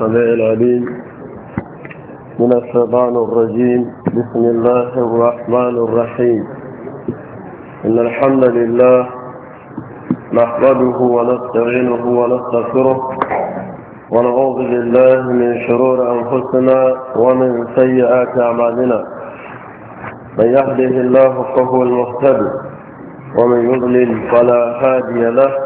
السماء العليم من الشيطان الرجيم بسم الله الرحمن الرحيم إن الحمد لله نحمده ونستعينه ونستغفره ونعوذ بالله من شرور أنفسنا ومن سيئات أعمالنا من يهده الله فهو المهتد ومن يضلل فلا هادي له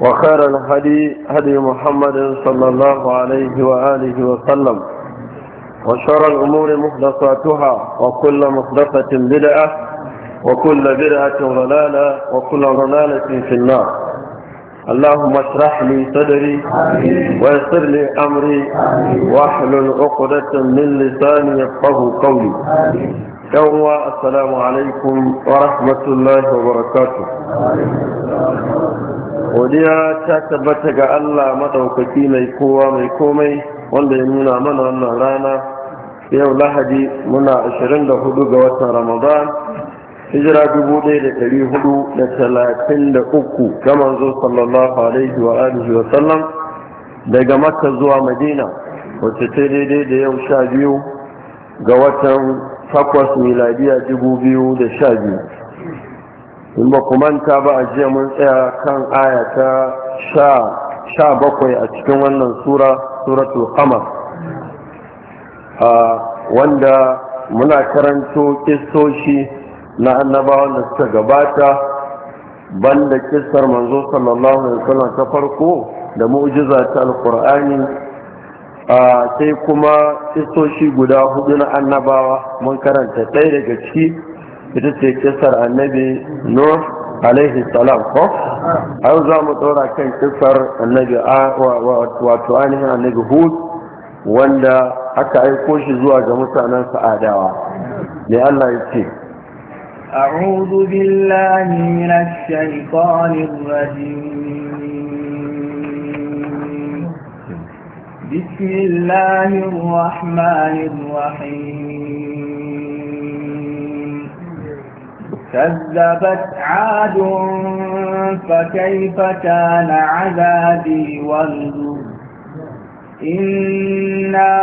وخير الهدي هدي محمد صلى الله عليه وآله وسلم وشر الأمور محدثاتها وكل محدثة بدعة وكل بدعة ضلالة وكل ضلالة في النار اللهم اشرح لي صدري ويسر لي أمري واحلل عقدة من لساني يفقه قولي yawwa assalamu alaikum wa rahmatullahi wa barakatuh godiya ta tabbata ga Allah madaukaki mai kowa mai komai wanda ya nuna mana wannan rana yau lahadi muna 24 ga watan ramadan hijira dubu ɗaya da ɗari hudu da talatin da uku ga manzo sallallahu alaihi wa alihi wa sallam daga makka zuwa madina wacce ta daidai da yau sha biyu ga watan takwas miladiya dubu biyu da sha biyu in ba ku manta ba a jiya mun tsaya kan aya ta sha bakwai a cikin wannan sura suratul A wanda muna karanto kistoshi na annabawan da suka gabata banda kistar manzo sallallahu alaihi wasallam ta farko da mu'jiza ta alqur'ani sai kuma kistoshi guda hudu na annabawa mun karanta ɗaya daga ciki ita ce kisar annabi nuh alaihi salam ko a yau za mu ɗora kan kisar annabi wato ainihin annabi hud wanda aka aiko shi zuwa ga mutanen sa'adawa ne allah ya ce أعوذ بالله من الشيطان الرجيم بسم الله الرحمن الرحيم كذبت عاد فكيف كان عذابي والذر إنا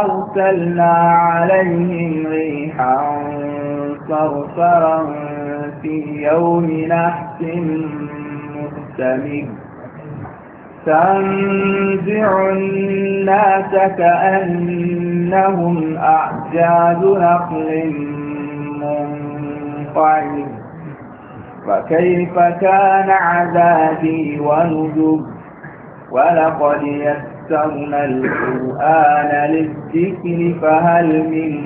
أرسلنا عليهم ريحا صرصرا في يوم نحس مستمر تنزع الناس كأنهم أعجاز نخل منقعد فكيف كان عذابي ونذر ولقد يسرنا القرآن للذكر فهل من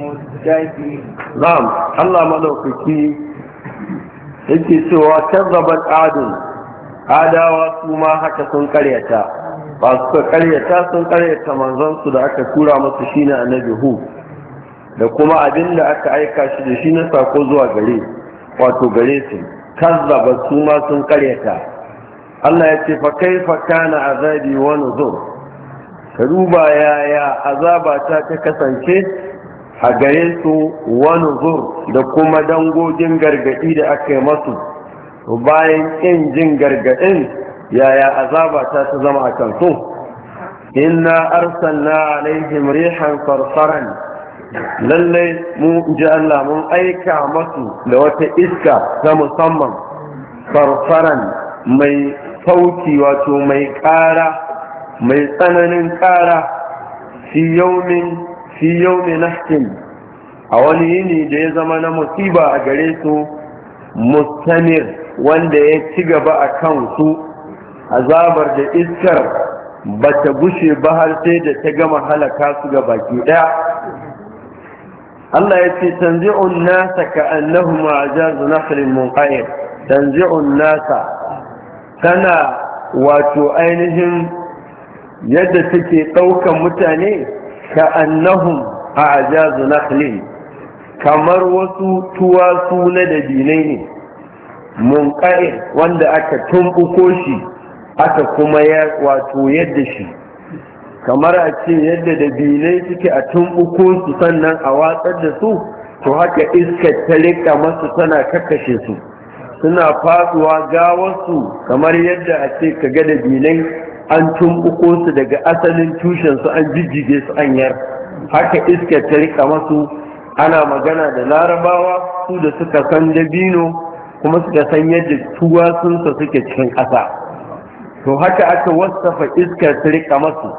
مدكر نعم الله ملوكك انت سوى كذبت عادل adawa su ma haka sun karyata ba su karyata sun karyata manzon da aka tura musu shine annabi hu da kuma abin da aka aika shi da shi na sako zuwa gare wato gare su kazzaba su ma sun karyata Allah ya ce fa kaifa kana azabi wa nuzur ka duba yaya azaba ta ta kasance a gare su wa nuzur da kuma dangogin gargadi da aka yi masu bayan ƙin jin gargaɗin yaya azaba ta ta zama a kansu inna arsalna alaihim rihan farfaran lallai mu ji Allah mun aika masu da wata iska ta musamman farfaran mai sauki wato mai ƙara mai tsananin ƙara fi yaumin fi yaumin a wani yini da ya zama na musiba a gare su mustamir wanda ya ci gaba a kansu, su azabar da iskar ba ta gushe ba har sai da ta gama halaka su ga baki ɗaya Allah ya ce tanzi'un nasa ka annahu nakhlin munqa'ir tanzi'un nasa tana wato ainihin yadda take ɗaukan mutane ka annahum nakhlin kamar wasu tuwasu na dabinai ne munkarin wanda aka tumbuko shi aka kuma ya wato yadda shi kamar a ce yadda dabinai suke a tumbuko su sannan a watsar da su to haka iska ta rika masu tana kakkashe su suna faduwa gawarsu kamar yadda a ce ka ga dabinai an tumbuko su daga asalin tushensu an jijjige su an yar. haka iska ta rika masu ana magana da larabawa su da suka san dabino kuma suka san yadda tuwasunsa suke cikin ƙasa to haka aka wasafa iskar ta rika masu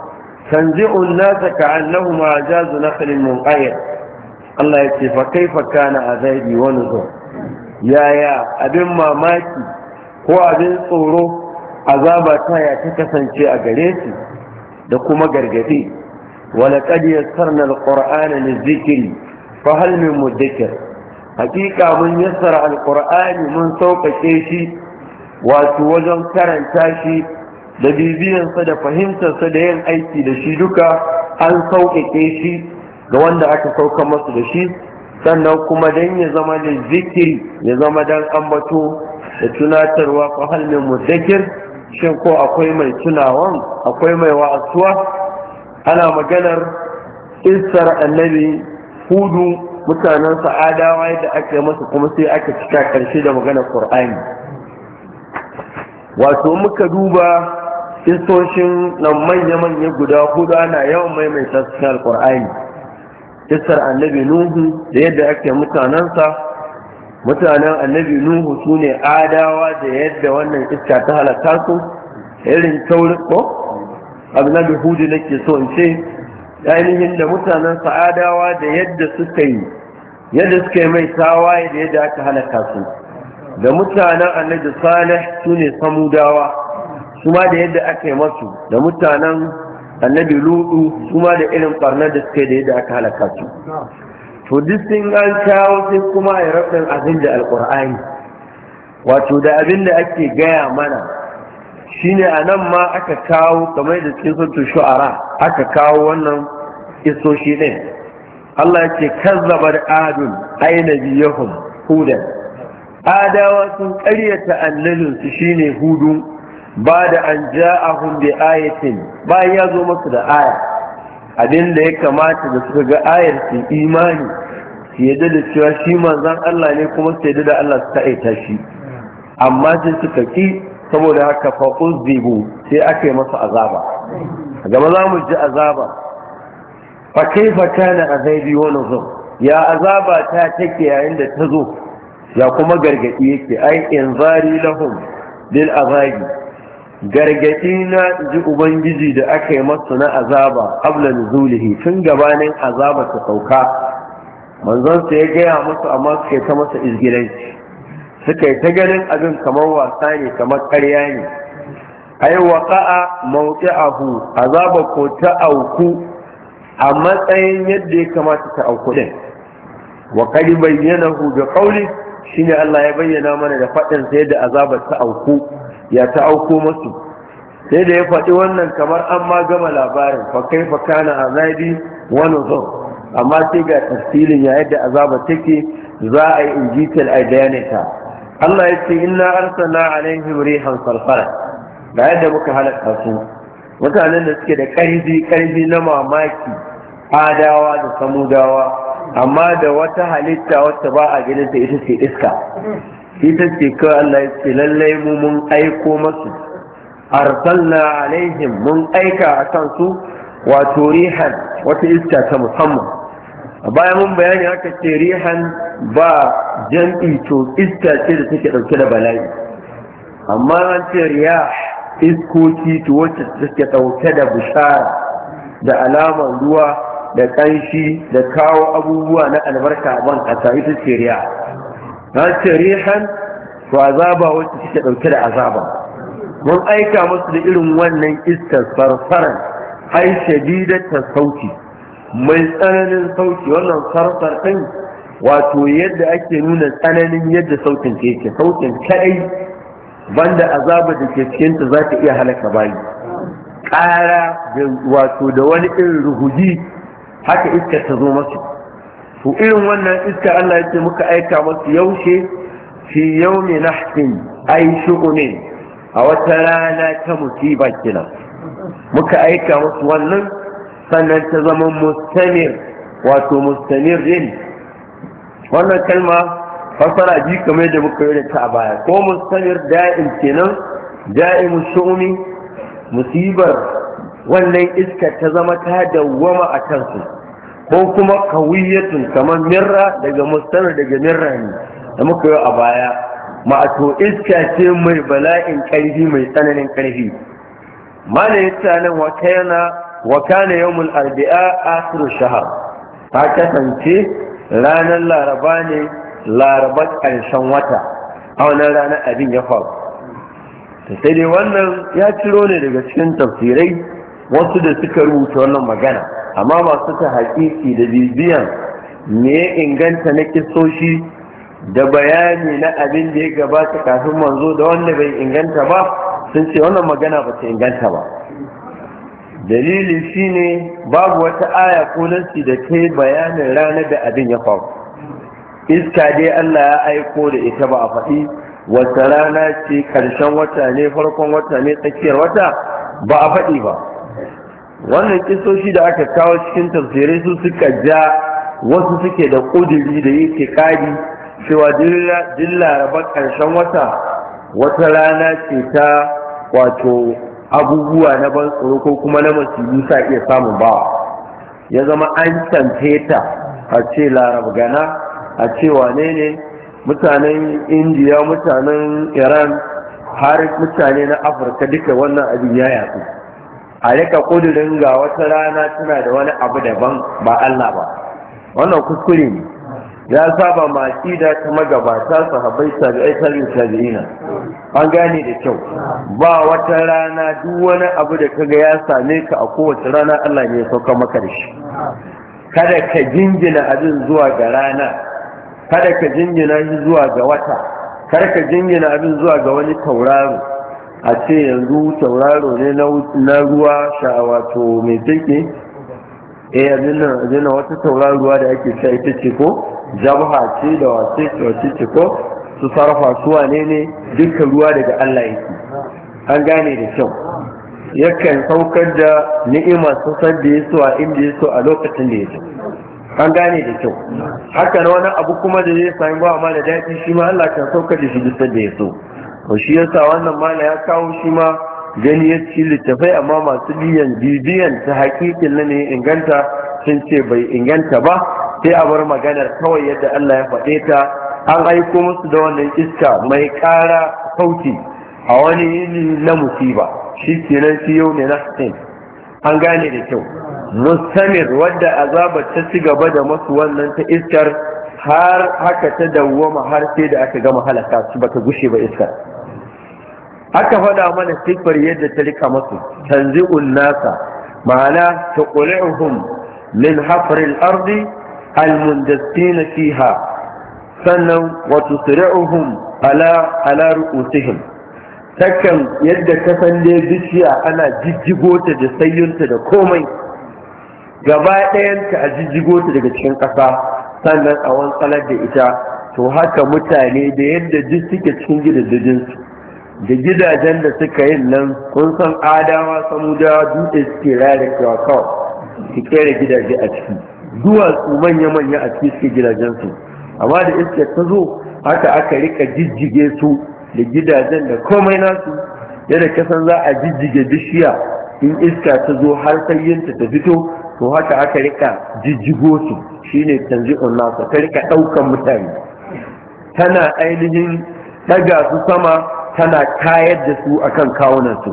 tanzi'un nasa ka annahu ma jazu mun ƙayar Allah ya ce fa kai kaifa kana azabi wani zo yaya abin mamaki ko abin tsoro azaba ta ya ta kasance a gare su da kuma gargadi ولقد zikiri zikiri fa فهل mu مدكر hakika mun yassara Alƙur'ani mun sauƙaƙe shi wato wajen karanta shi da bibiyansa da fahimtarsa da yin aiki da shi duka an sauƙaƙe shi ga wanda aka sauka masu da shi sannan kuma don ya zama da zikiri ya zama don ambato da tunatarwa ko halin muddakir shin ko akwai mai tunawan akwai mai wa'asuwa ana maganar isar annabi hudu mutanen sa'adawa yadda aka yi masa kuma sai aka cika karshe da maganar qur'ani wato muka duba istoshin nan manya-manya guda hudu ana yawan maimaita cikin kur'ani. kisar annabi nuhu da yadda ake mutanensa mutanen annabi nuhu sune adawa da yadda wannan iska ta halatta su irin taurin ko annabi hudu nake so in ce ainihin da mutanen sa'adawa da yadda suka yi yadda suka yi mai tawaye da yadda aka halaka su da mutanen annabi salih su ne samudawa su ma da yadda aka yi masu da mutanen annabi ludu su ma da irin barnar da suka yi da yadda aka halaka su to duk sun an kawo sai kuma a yi rabin abin da alkur'ani wato da abin da ake gaya mana shine a nan ma aka kawo kamar da cikin sautu shu'ara aka kawo wannan isoshi ɗin Allah ya ce kazzabar adun aina biyahum hudan adawa sun ƙaryata annabinsu shine hudu ba da an a hundi ayatin bayan ya zo masu da aya abin da ya kamata da suka ga ayar su imani su yadda da cewa shi manzon Allah ne kuma su yadda da Allah su ta'aita shi amma sai suka ki saboda haka faƙun zibu sai aka yi masa azaba gama za mu ji azaba fa kaifa kana azabi wa nuzur ya azaba ta take yayin da ta zo ya kuma gargadi yake ai inzari lahum bil azabi gargadi na ji ubangiji da aka yi masa na azaba qabla nuzulihi tun gabanin azaba ta sauka manzon sai ya gaya masa amma sai ta masa izgilanci suka yi ta ganin abin kamar wasa ne kamar karya ne ai waqa'a mawqi'ahu azaba ko ta auku a matsayin yadda ya kamata ta auku din wa qad bayyanahu bi qawli shine Allah ya bayyana mana da fadin sai da azabar ta auku ya ta auku musu sai da ya faɗi wannan kamar an ma gama labarin fa kaifa kana azabi wa nuzur amma sai ga tafsirin ya yadda azaba take za a yi injital a ta Allah ya ce inna arsalna alaihim rihan sarfara da yadda muka halaka su mutanen da suke da karfi karfi na mamaki adawa da samudawa amma da wata halitta wacce ba a ganin ta ita ce iska ita ce kawai Allah ya ce lallai mu mun aiko masu arsalna alaihim mun aika a kansu wato rihan wata iska ta musamman a baya mun bayani haka ce rihan ba jam'i to iska ce da take ɗauke da bala'i amma an ce riya iskoki to wacce take ɗauke da bishara da alaman ruwa da ƙanshi da kawo abubuwa na albarka a ban ƙasa ita ce riya an ce rihan to azaba wacce take ɗauke da azaba mun aika musu da irin wannan iskar farfaran ai shadidatar sauti mai tsananin sauki wannan sarsar ɗin wato yadda ake nuna tsananin yadda sautin ke yake sautin kadai banda azaba da ke cikinta za ta iya halaka bayi ƙara wato da wani irin ruhuji haka iska ta zo masu to irin wannan iska Allah ya ce muka aika masu yaushe fi yaumi nahsin ai ne. a wata rana ta musiba kina muka aika masu wannan sannan ta zama mustamir wato mustamir din wannan kalma fasara ji kamar yadda muka yi da ta a baya ko mustamir da'im kenan da'im shumi musibar wannan iska ta zama ta dawwama a kansu ko kuma kawiyatun kamar mirra daga mustamir daga mirra ne da muka yi a baya ma'ato iska ce mai bala'in karfi mai tsananin karfi malayin tsanin wata yana wa kana yawmul arbi'a akhiru shahar ta kasance ranar laraba ne laraba ƙarshen wata a wannan ranar abin ya faru sai dai wannan ya ciro ne daga cikin tafsirai wasu da suka rubuta wannan magana amma masu ta hakiki da bibiyan me inganta na kisoshi da bayani na abin da ya gabata kafin manzo da wanda bai inganta ba sun ce wannan magana ba ta inganta ba dalili shine babu wata aya ko nasi da ta yi bayanin ranar da abin ya faru iska dai Allah ya aiko da ita ba a faɗi wata rana ce ƙarshen wata ne farkon wata ne tsakiyar wata ba a faɗi ba wannan kisoshi da aka kawo cikin tafsirai su suka ja wasu suke da ƙudiri da yake ƙari cewa dillara ba ƙarshen wata wata rana ce ta wato abubuwa na ban tsoro ko kuma na masu sa iya samun bawa ya zama an tamfe ta a ce larab gana a ce wane ne mutanen indiya mutanen iran har mutane na afirka duka wannan abin ya yatsu a rika kudurin ga wata rana tana da wani abu daban ba allah ba wannan kuskure ne ya saba ma aqida ta magabata sahabbai tabi'ai tabi'in tabi'ina an gane da kyau ba wata rana duk wani abu da kaga ya same ka a kowace rana Allah ne ya sauka maka da shi kada ka jingina abin zuwa ga rana kada ka jingina shi zuwa ga wata kada ka jingina abin zuwa ga wani tauraro a ce yanzu tauraro ne na ruwa sha'awa to mai take eh yanzu wata wata ruwa da ake sha ita ce ko jabha ce da wace wace ce ko su sarrafa su wane ne dukkan ruwa daga Allah yake an gane da kyau yakan saukar da ni'ima sosai da ya so a inda ya so a lokacin da ya so an gane da kyau haka na wani abu kuma da zai sami ba ma da daɗi shi ma Allah kan saukar da shi duk da ya so to shi yasa wannan mala ya kawo shi ma gani ya ci littafai amma masu biyan bibiyan ta hakikin na ne inganta sun ce bai inganta ba sai a bar maganar kawai yadda Allah ya faɗe ta an aiko musu da wannan iska mai ƙara sauti a wani yini na musiba shi kenan shi yau ne na an gane da kyau mustamir wadda azabar ta ci gaba da masu wannan ta iskar har haka ta dawwama har sai da aka gama halaka su bata gushe ba iskar aka faɗa mana siffar yadda ta rika masu tanzi'un nasa ma'ana ta ƙuli'uhum min hafaril ardi almundastina fiha sannan wato suri'uhum ala ala ru'usihim takan yadda ka san dai bishiya ana jijjigo ta da sayyunta da komai gaba ɗayanta a jijjigo ta daga cikin ƙasa sannan a wantsalar da ita to haka mutane da yadda duk suke cikin su da gidajen da suka yi nan kun san adawa samudawa dutse suke raya da su kera gidaje a ciki duwatsu manya-manya a ciki suke gidajensu amma da iska ta zo haka aka rika jijjige su da gidajen da komai nasu yadda kasan za a jijjige bishiya in iska ta zo har sayyinta ta fito to haka aka rika jijjigo su shine tanzi'un nasa ta rika ɗaukan mutane tana ainihin ɗaga su sama tana kayar da su akan kawunansu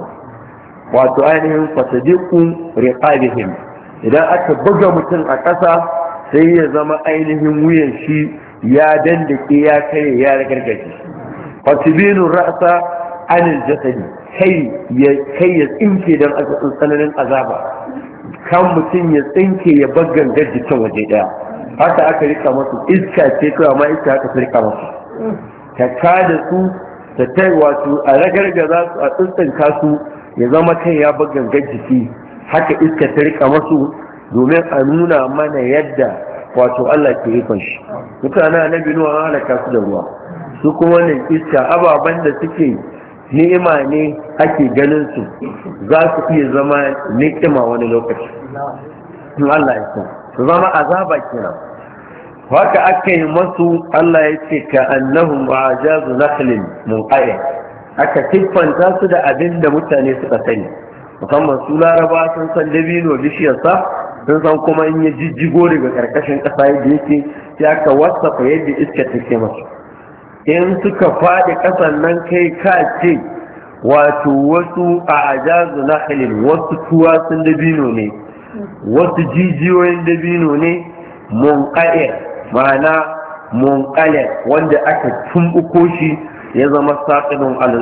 wato ainihin fasadiqu riqabihim idan aka buga mutum a ƙasa sai ya zama ainihin wuyan shi ya dandake ya kare ya ragargaje fatibinu ra'sa anil jasadi kai ya kai ya tsinke dan tsananin azaba kan mutum ya tsinke ya baggan gajikin waje daya haka aka rika masu iska ce kawai ma iska haka ta rika masu ta kada su ta wato su a za su a tsintsinka su ya zama kai ya bar jiki haka iska ta rika masu domin a nuna mana yadda wato Allah ke ikon shi mutane bi nuwa an halaka su da ruwa su kuma wannan iska ababen da suke ni'ima ne ake ganin su za su iya zama ni'ima wani lokaci Allah ya san zama azaba kenan haka aka yi masu Allah ya ce ka annahum ajazu mun aya aka siffanta su da abin da mutane suka sani musamman su laraba sun san dabino bishiyarsa sun san kuma in ya jijjigo daga karkashin ƙasa yadda yake sai aka wasafa yadda iska take masu in suka faɗi ƙasan nan kai ka ce wato wasu a ajazu wasu tuwa sun dabino ne wasu jijiyoyin dabino ne munqaya ma'ana munkale wanda aka tumbuko shi ya zama saqidun al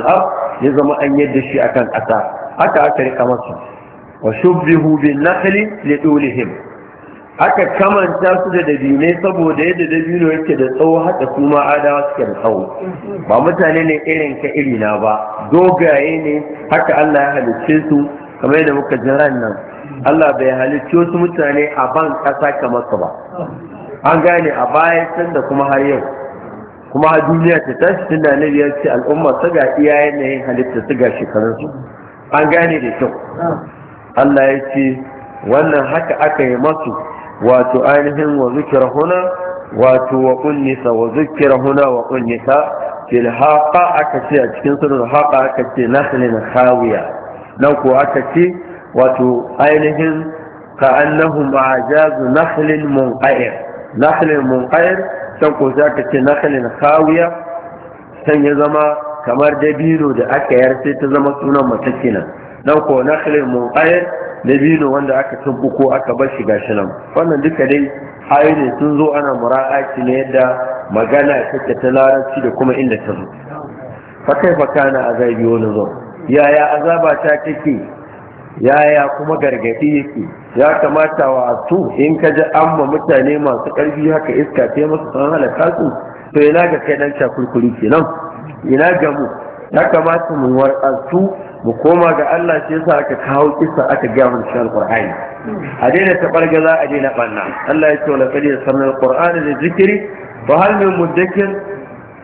ya zama an yadda shi akan ƙasa haka aka rika masa wa shubbihu bin nakhli li dulihim aka kamanta su da dabinai saboda yadda dabino yake da tsawo haka su ma adawa suke da tsawo ba mutane ne irin ka irina ba dogaye ne haka Allah ya halicce su kamar yadda muka jira nan Allah bai halicce su mutane a ban ƙasa kamar ba an gane a baya can da kuma har yau kuma har duniya ta tashi tun da annabi ya ce al'umma su ga iya yanayin halitta su ga shekarunsu an gane da kyau Allah ya ce wannan haka aka yi masu wato ainihin wa zukira huna wato wa kunnisa wa zukira huna wa kunnisa fil haqa aka ce a cikin sunan haqa aka ce nahlin khawiya nan ko aka ce wato ainihin ka annahum ajazu nahlin munqa'ir nakhlin munkayar can ko sai ce nakhlin khawiya can ya zama kamar dabino da aka yar sai ta zama sunan mace kenan nan ko nakhlin munqayr dabino wanda aka tabbu ko aka bar shi gashi nan wannan duka dai ayoyi ne sun zo ana mura'aki ne yadda magana take ta larabci da kuma inda ta zo fa kai fa kana azabi wani zo yaya azaba ta take yaya kuma gargadi yake ya kamata wa su in ka ji amma mutane masu ƙarfi haka iska ta yi masu san halaka su to ina ga kai dan ke kenan ina ga mu ya kamata mu warƙasu mu koma ga Allah shi yasa aka kawo kisa aka ga mu shi alqur'ani a daina za a daina banna Allah ya ce wa laqad yasanna alqur'ana da zikiri fa hal min mudakkir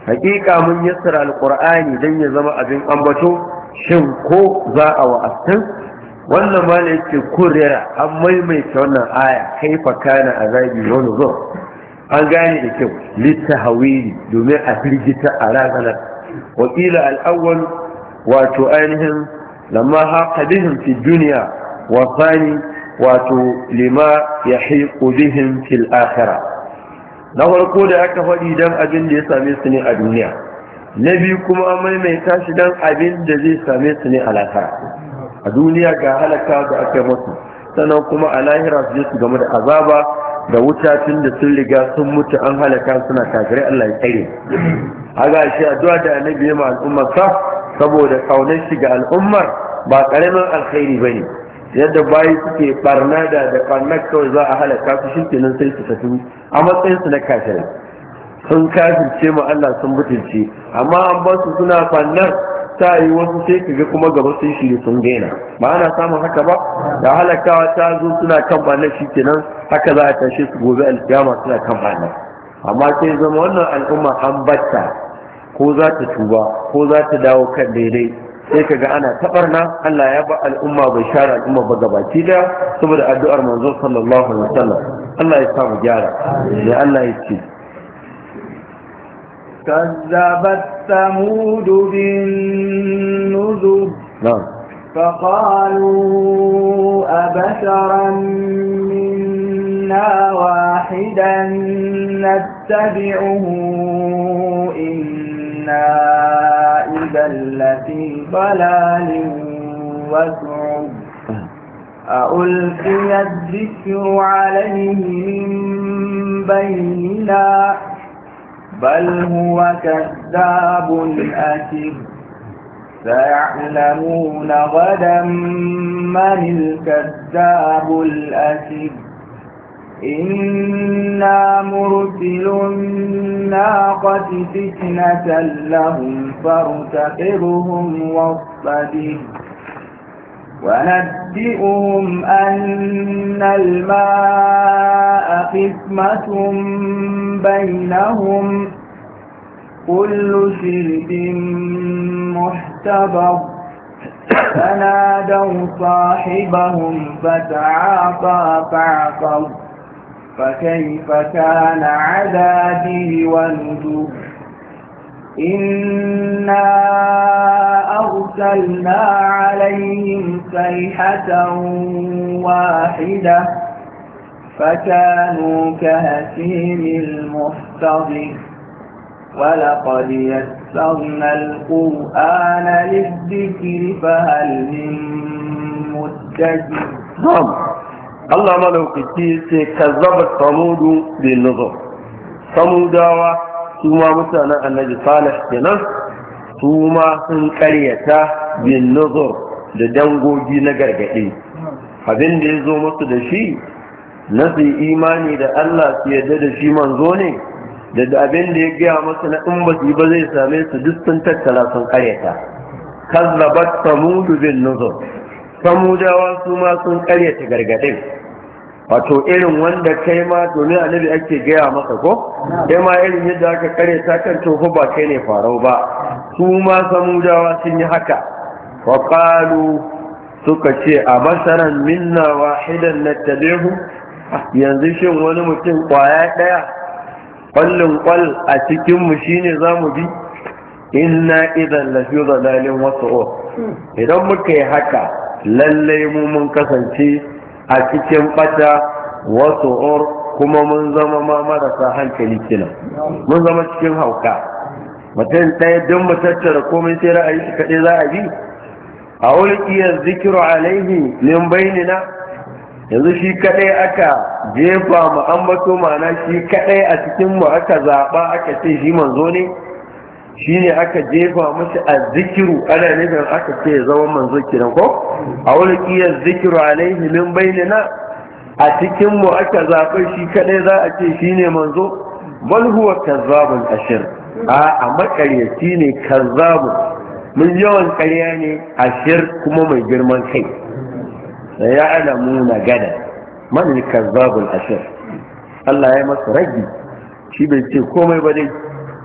haqiqa mun yassara alqur'ani dan ya zama abin ambato shin ko za a wa'astan wannan ma ne yake kurera an maimaita wannan aya kaifa kana zagi wani zo an gane da kyau littahawili domin a firgita a ranar wakila al'awwal wato ainihin lamma haka bihim fi duniya wa sani wato lima ya haiku bihim fil na farko da aka faɗi don abin da ya same su ne a duniya na biyu kuma an maimaita shi don abin da zai same su ne a a duniya ga halaka da aka masu sannan kuma a lahira su je su game da azaba da wuta tun da sun riga sun mutu an halaka suna kafirai Allah ya tsare a ga shi addu'a da annabi ya ma al'ummar sa saboda kaunar shi ga al'ummar ba karamin alkhairi bane yadda bayi suke barna da da barnar kawai za a halaka su shi kenan sai su tafi a matsayin su na kafirai sun kafirce ma Allah sun mutunci amma an ba su suna fannar ta yi wasu sai ka ga kuma gaba sun shirya sun daina ba ana samun haka ba da halakawa ta zo suna kan ba shi kenan haka za a tashe su gobe alkiyama suna kan ba amma sai zama wannan al'umma an batta ko za ta tuba ko za ta dawo kan daidai sai ka ga ana tabarna Allah ya ba al'umma bai share al'umma ba gabaki da saboda addu'ar manzon sallallahu alaihi wasallam Allah ya samu gyara da Allah ya ce كذبت ثمود بالنذر نعم فقالوا أبشرا منا واحدا نتبعه إنا إذا لفي ضلال وسعب ألقي الذكر عليه من بيننا بل هو كذاب أكد سيعلمون غدا من الكذاب الأكد إنا مرسل الناقة فتنة لهم فارتقبهم واصطدر ونبئهم أن الماء قسمة بينهم كل شرب محتبر فنادوا صاحبهم فتعاطى فعقر فكيف كان عذابي ونذر إنا أرسلنا عليهم صيحة واحدة فكانوا كهسيم المحتضر ولقد يسرنا القرآن للذكر فهل من مدكر نعم الله ملوك كذبت صمود بالنظر صمود su ma mutanen annabi salih kenan su ma sun karyata bin nazar da dangogi na gargaɗi abin da ya zo musu da shi na su imani da Allah su yadda da shi manzo ne da abin da ya gaya masa na in ba ba zai same su duk sun tattala sun karyata kazzabat samudu bin nuzur samudawa su ma sun karyata gargaɗin wato irin wanda kai ma domin annabi ake gaya maka ko kai ma irin yadda aka kare ta kan tofa ba kai ne farau ba su ma samudawa sun yi haka wa suka ce a basaran minna wahidan nattabi'u yanzu shin wani mutum kwaya ɗaya. ƙwallin kwal a cikin mu shine zamu bi inna idan lafi zalalin wasu'o idan muka yi haka lallai mu mun kasance a cikin ɓata wasu or kuma mun zama ma marasa hankali kina mun zama cikin hauka mutum ɗaya don mu tattara komai sai ra'ayi shi kaɗai za a bi a iya zikiru alaihi min bainina yanzu shi kaɗai aka jefa mu ambato ma'ana shi kaɗai a cikin mu aka zaɓa aka ce shi manzo ne shi ne aka jefa mashi a zikiru ana nufin aka ce zama manzo kiran ko a wani kiyar zikiru alaihi min na? a cikin mu aka zaɓi shi kaɗai za a ce shi ne manzo bal kazzabun ashir a a makaryaci ne kazzabun mun yawan karya ne ashir kuma mai girman kai da ya alamu na gada man kazzabun ashir Allah ya masa ragi shi bai ce komai ba dai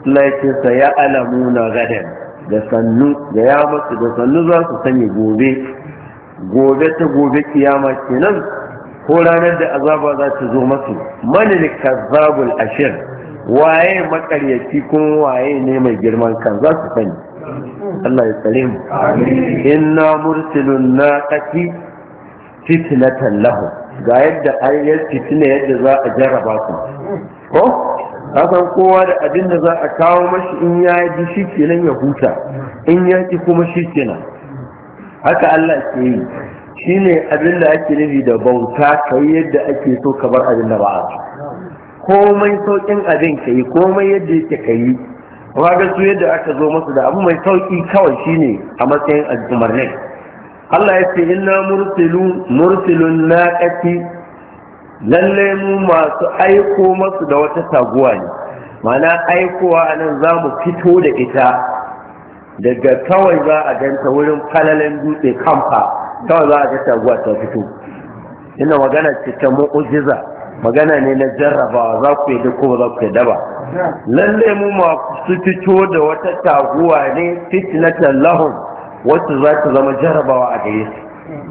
Allah ya ce sa ya alamu na gadan da sannu da ya masu da sannu za su sanya gobe gobe ta gobe kiyama kenan ko ranar da azaba za ta zo masu manil kazzabul ashir waye makaryaci ko waye ne mai girman kan za su sani Allah ya tsare mu inna mursilun naqati fitnatan lahu ga yadda ayyar fitina yadda za a jarraba su ko kasan kowa da abin da za a kawo mashi in ya ji shi kenan ya huta in ya ki kuma shi kenan haka Allah ke yi shi ne abin da ake nufi da bauta ka yi yadda ake so ka bar abin da ba a komai sauƙin abin ka yi komai yadda yake ka yi ba ga su yadda aka zo masu da abu mai sauƙi kawai shi ne a matsayin umarnin Allah ya ce inna mursilun mursilun naqati lalle mu masu aiko masu da wata taguwa ne mana aikowa a nan za mu fito da ita daga kawai za a ganta wurin falalen dutse kamfa kawai za a ga taguwa ta fito ina magana ce ta magana ne na jarrabawa za ku yi duk ba za ku yi daba lalle mu masu fito da wata taguwa ne fitnatan lahum wacce za ta zama jarrabawa a gare su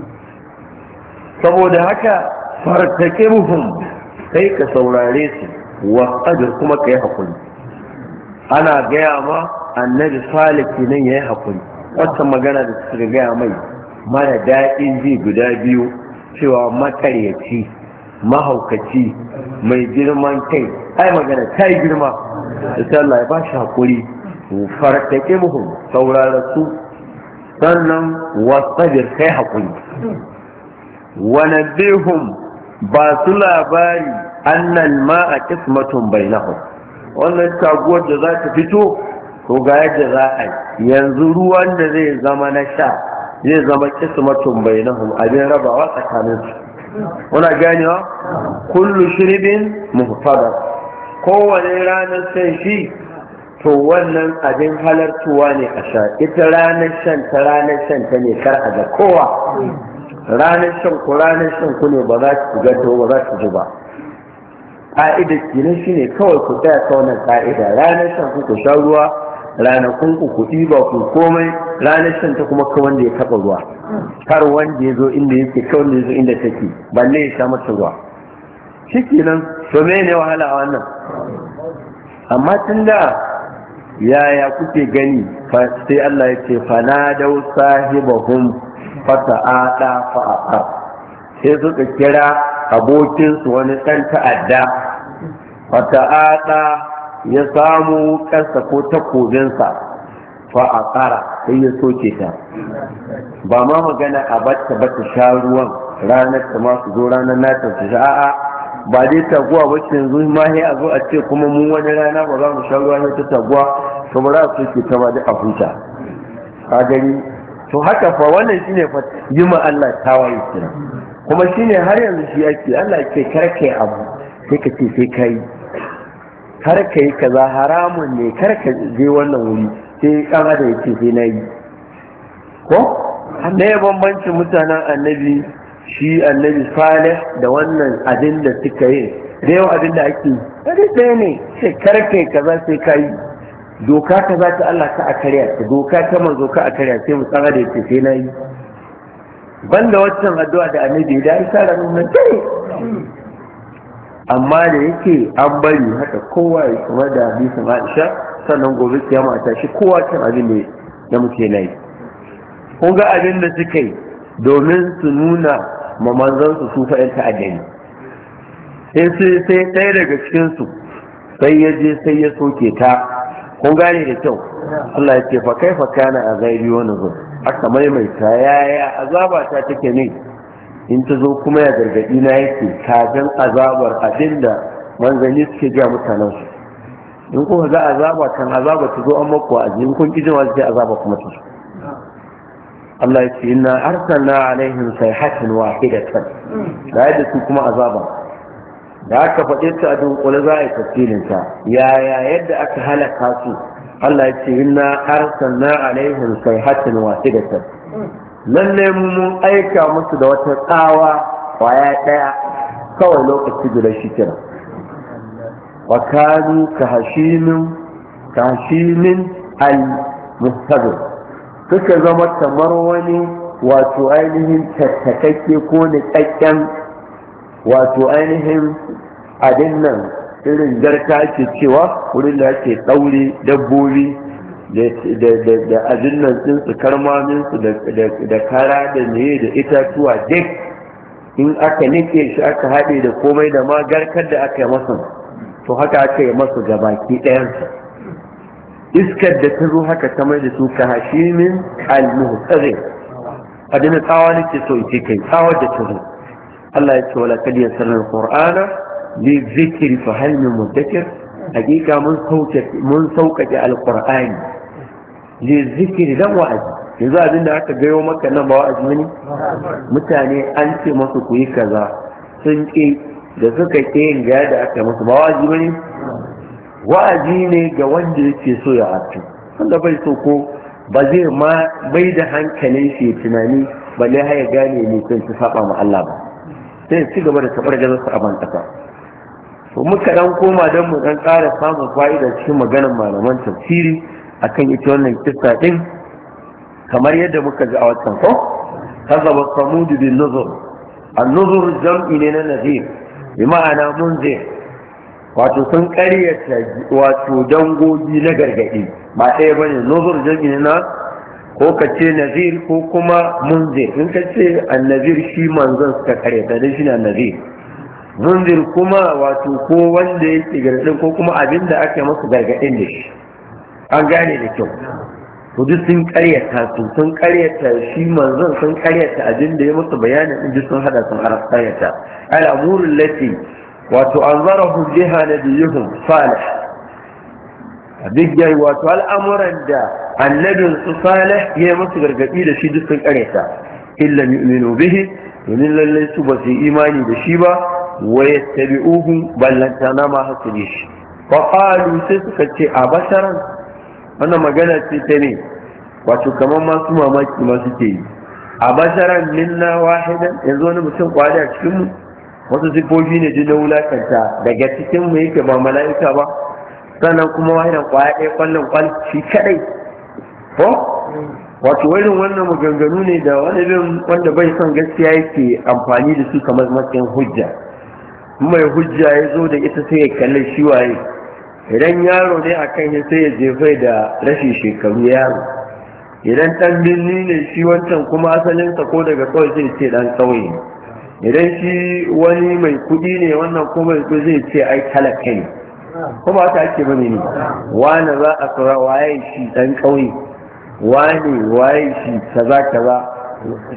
saboda haka fartaqibuhum kai ka saurare su wa qadr kuma kai hakuri ana gaya ma annabi salih nan ya yi hakuri wata magana da suka gaya mai mara daɗin ji guda biyu cewa makaryaci mahaukaci mai girman kai ai magana ta yi girma da Allah ya ba shi hakuri fartake muhim saurare su sannan wasabir kai hakuri wa nabihum ba su labari annan ma a kismatun bainahum wannan taguwar da za ta fito to ga yadda za a yi yanzu ruwan da zai zama na sha zai zama kismatun bainahum abin rabawa tsakanin su muna ganewa kullu shirbin muhfadar kowane ranar shan shi to wannan abin halartuwa ne a sha ita ranar shan ta ranar shan ne kar a ga kowa ranar shan ku ranar shan ku ne ba za ku gado ba za ku ji ba ka'idar shi ne kawai ku tsaya ta wannan ka'ida ranar shan ku ku sha ruwa kun ku ku ɗiba ku komai ranar shan ta kuma ka wanda ya taɓa ruwa kar wanda ya zo inda yake ka wanda ya zo inda take balle ya sha mata ruwa shi kenan to me ne wahala a wannan amma tun da yaya kuke gani sai Allah ya ce fanadau sahibahum fata'ada fa'aqar sai suka kira abokinsu wani ɗan ta'adda ɗa ya samu ƙasa ko takobinsa fa'aqara sai ya soke ta ba ma magana a bata bata ta sha ruwan ranar ta masu zo ranar nata su a'a ba dai taguwa ba yanzu ma sai a zo a ce kuma mun wani rana ba za mu sha ruwa ta taguwa Kuma a su ta ba da a huta ka gani to haka fa wannan shine fa yi ma Allah tawaye kira kuma shine har yanzu shi yake Allah yake karkai abu sai ka ce sai kai kar ka yi kaza haramun ne kar ka je wannan wuri sai kan da ya sai na yi ko ne bambancin mutanen annabi shi annabi salih da wannan abin da suka yi da yau abin da ake yi ɗaya ne sai kar ka yi kaza sai ka yi doka ta za ta Allah ta a karya ta doka ta manzo ka a karya sai mu tsara da yace sai na yi banda waccan addu'a da annabi da ya tsara mun nan tare amma da yake an bari haka kowa ya kuma da bisa Aisha sannan gobe kiyama ta shi kowa kan abin da da muke nayi kun ga abin da suka yi domin su nuna ma manzon su su fa'in addini sai sai ɗaya daga cikin su sai ya je sai ya soke ta kun gane da kyau Allah ya ce fa kai fa kana a gairi wani zo aka maimaita yaya azaba ta take ne in ta zo kuma ya gargadi na yake kafin azabar abinda manzanni suke ga mutanen su in kuka ga azaba kan azaba ta zo an maku a jin kun kijin sai azaba kuma ta Allah ya ce inna arsalna alaihim sayhatan wahidatan da yadda su kuma azaba da aka faɗe su a dunkule za a yi tafsirin ta yaya yadda aka halaka su Allah ya ce inna arsalna alaihim sayhatan wasidatan lalle mu mun aika musu da wata tsawa kwaya daya kawai lokaci guda shi kira wa kanu ka hashimin ka hashimin al muhtazir suka zama kamar wani wato ainihin tattakakke ko ni kakken wato ainihin abin nan irin garka ake cewa wurin da ake ɗaure dabbobi da abin nan ɗinsu karmaminsu da kara da meye da itatuwa duk in aka nike shi aka haɗe da komai da ma garkar da aka yi masa to haka aka yi masa gabaki ɗayansa iskar da ta zo haka ta mai da su ka hashimin al-muhtazir adina tsawa nake so ita kai tsawar da ta zo Allah ya ce wala kad yasarna alqur'ana li dhikri fa hal min mudakkir hakika mun sauke mun saukake alqur'ani li dhikri dan wa'azi yanzu abin da aka gayo maka nan ba wa'azi ne mutane an ce masu ku yi kaza sun ki da suka ke yin gaya da aka masu ba wa'azi ne wa'azi ne ga wanda yake so ya hafi wanda bai so ko ba zai ma bai da hankalin shi tunani balle haya gane ne sun ci saba ma Allah ba sai ci gaba da tabar gazarsa a ban ƙasa to muka dan koma don mu dan ƙara samun fa'ida cikin maganar malaman tafsiri akan ita wannan kissa din kamar yadda muka ji a wancan ko kazaba samud bin nuzur an-nuzur jam'i ne na nazir bi ma'ana munzir wato sun karyata wato dangogi na gargadi ba ɗaya bane nuzur jam'i ne na ko ka ce nazir ko kuma munzir in ka ce annazir shi manzon suka karyata da shi na nazir munzir kuma wato ko wanda yake gargadin ko kuma abin da aka masa gargadin da shi an gane da kyau to duk sun karyata su sun karyata shi manzon sun karyata abin da ya masa bayanin in sun hada sun karyata al'amurin lati wato an zara anzarahu biyu sun salih duk yayi wato al'amuran da annabin su salih ya musu gargadi da shi duk sun kareta illa yu'minu bihi domin lallai su ba su imani da shi ba wa yattabi'uhu ballanta na ma hasali shi fa qalu sai suka ce a basaran? wannan magana ce ta ne wato kamar masu mamaki ma suke yi a basaran minna wahidan yanzu wani mutum kwari a cikin mu wasu sifofi ne na wulakanta daga cikin mu yake ba mala'ika ba sannan kuma wannan kwaya ɗaya kwallon kwal shi kadai ko wato wurin wannan maganganu ne da wani bin wanda bai son gaskiya yake amfani da su kamar matsayin hujja mai hujja ya zo da ita sai ya kalli shi waye idan yaro ne a kan sai ya jefai da rashin shekaru yaro idan ɗan birni ne shi wancan kuma asalinsa ko daga kawai zai ce ɗan ƙauye idan shi wani mai kuɗi ne wannan kuma zai ce ai talaka ne ko ba ta ake bane ne wani za a tsara waye shi dan ƙauye wani waye shi kaza kaza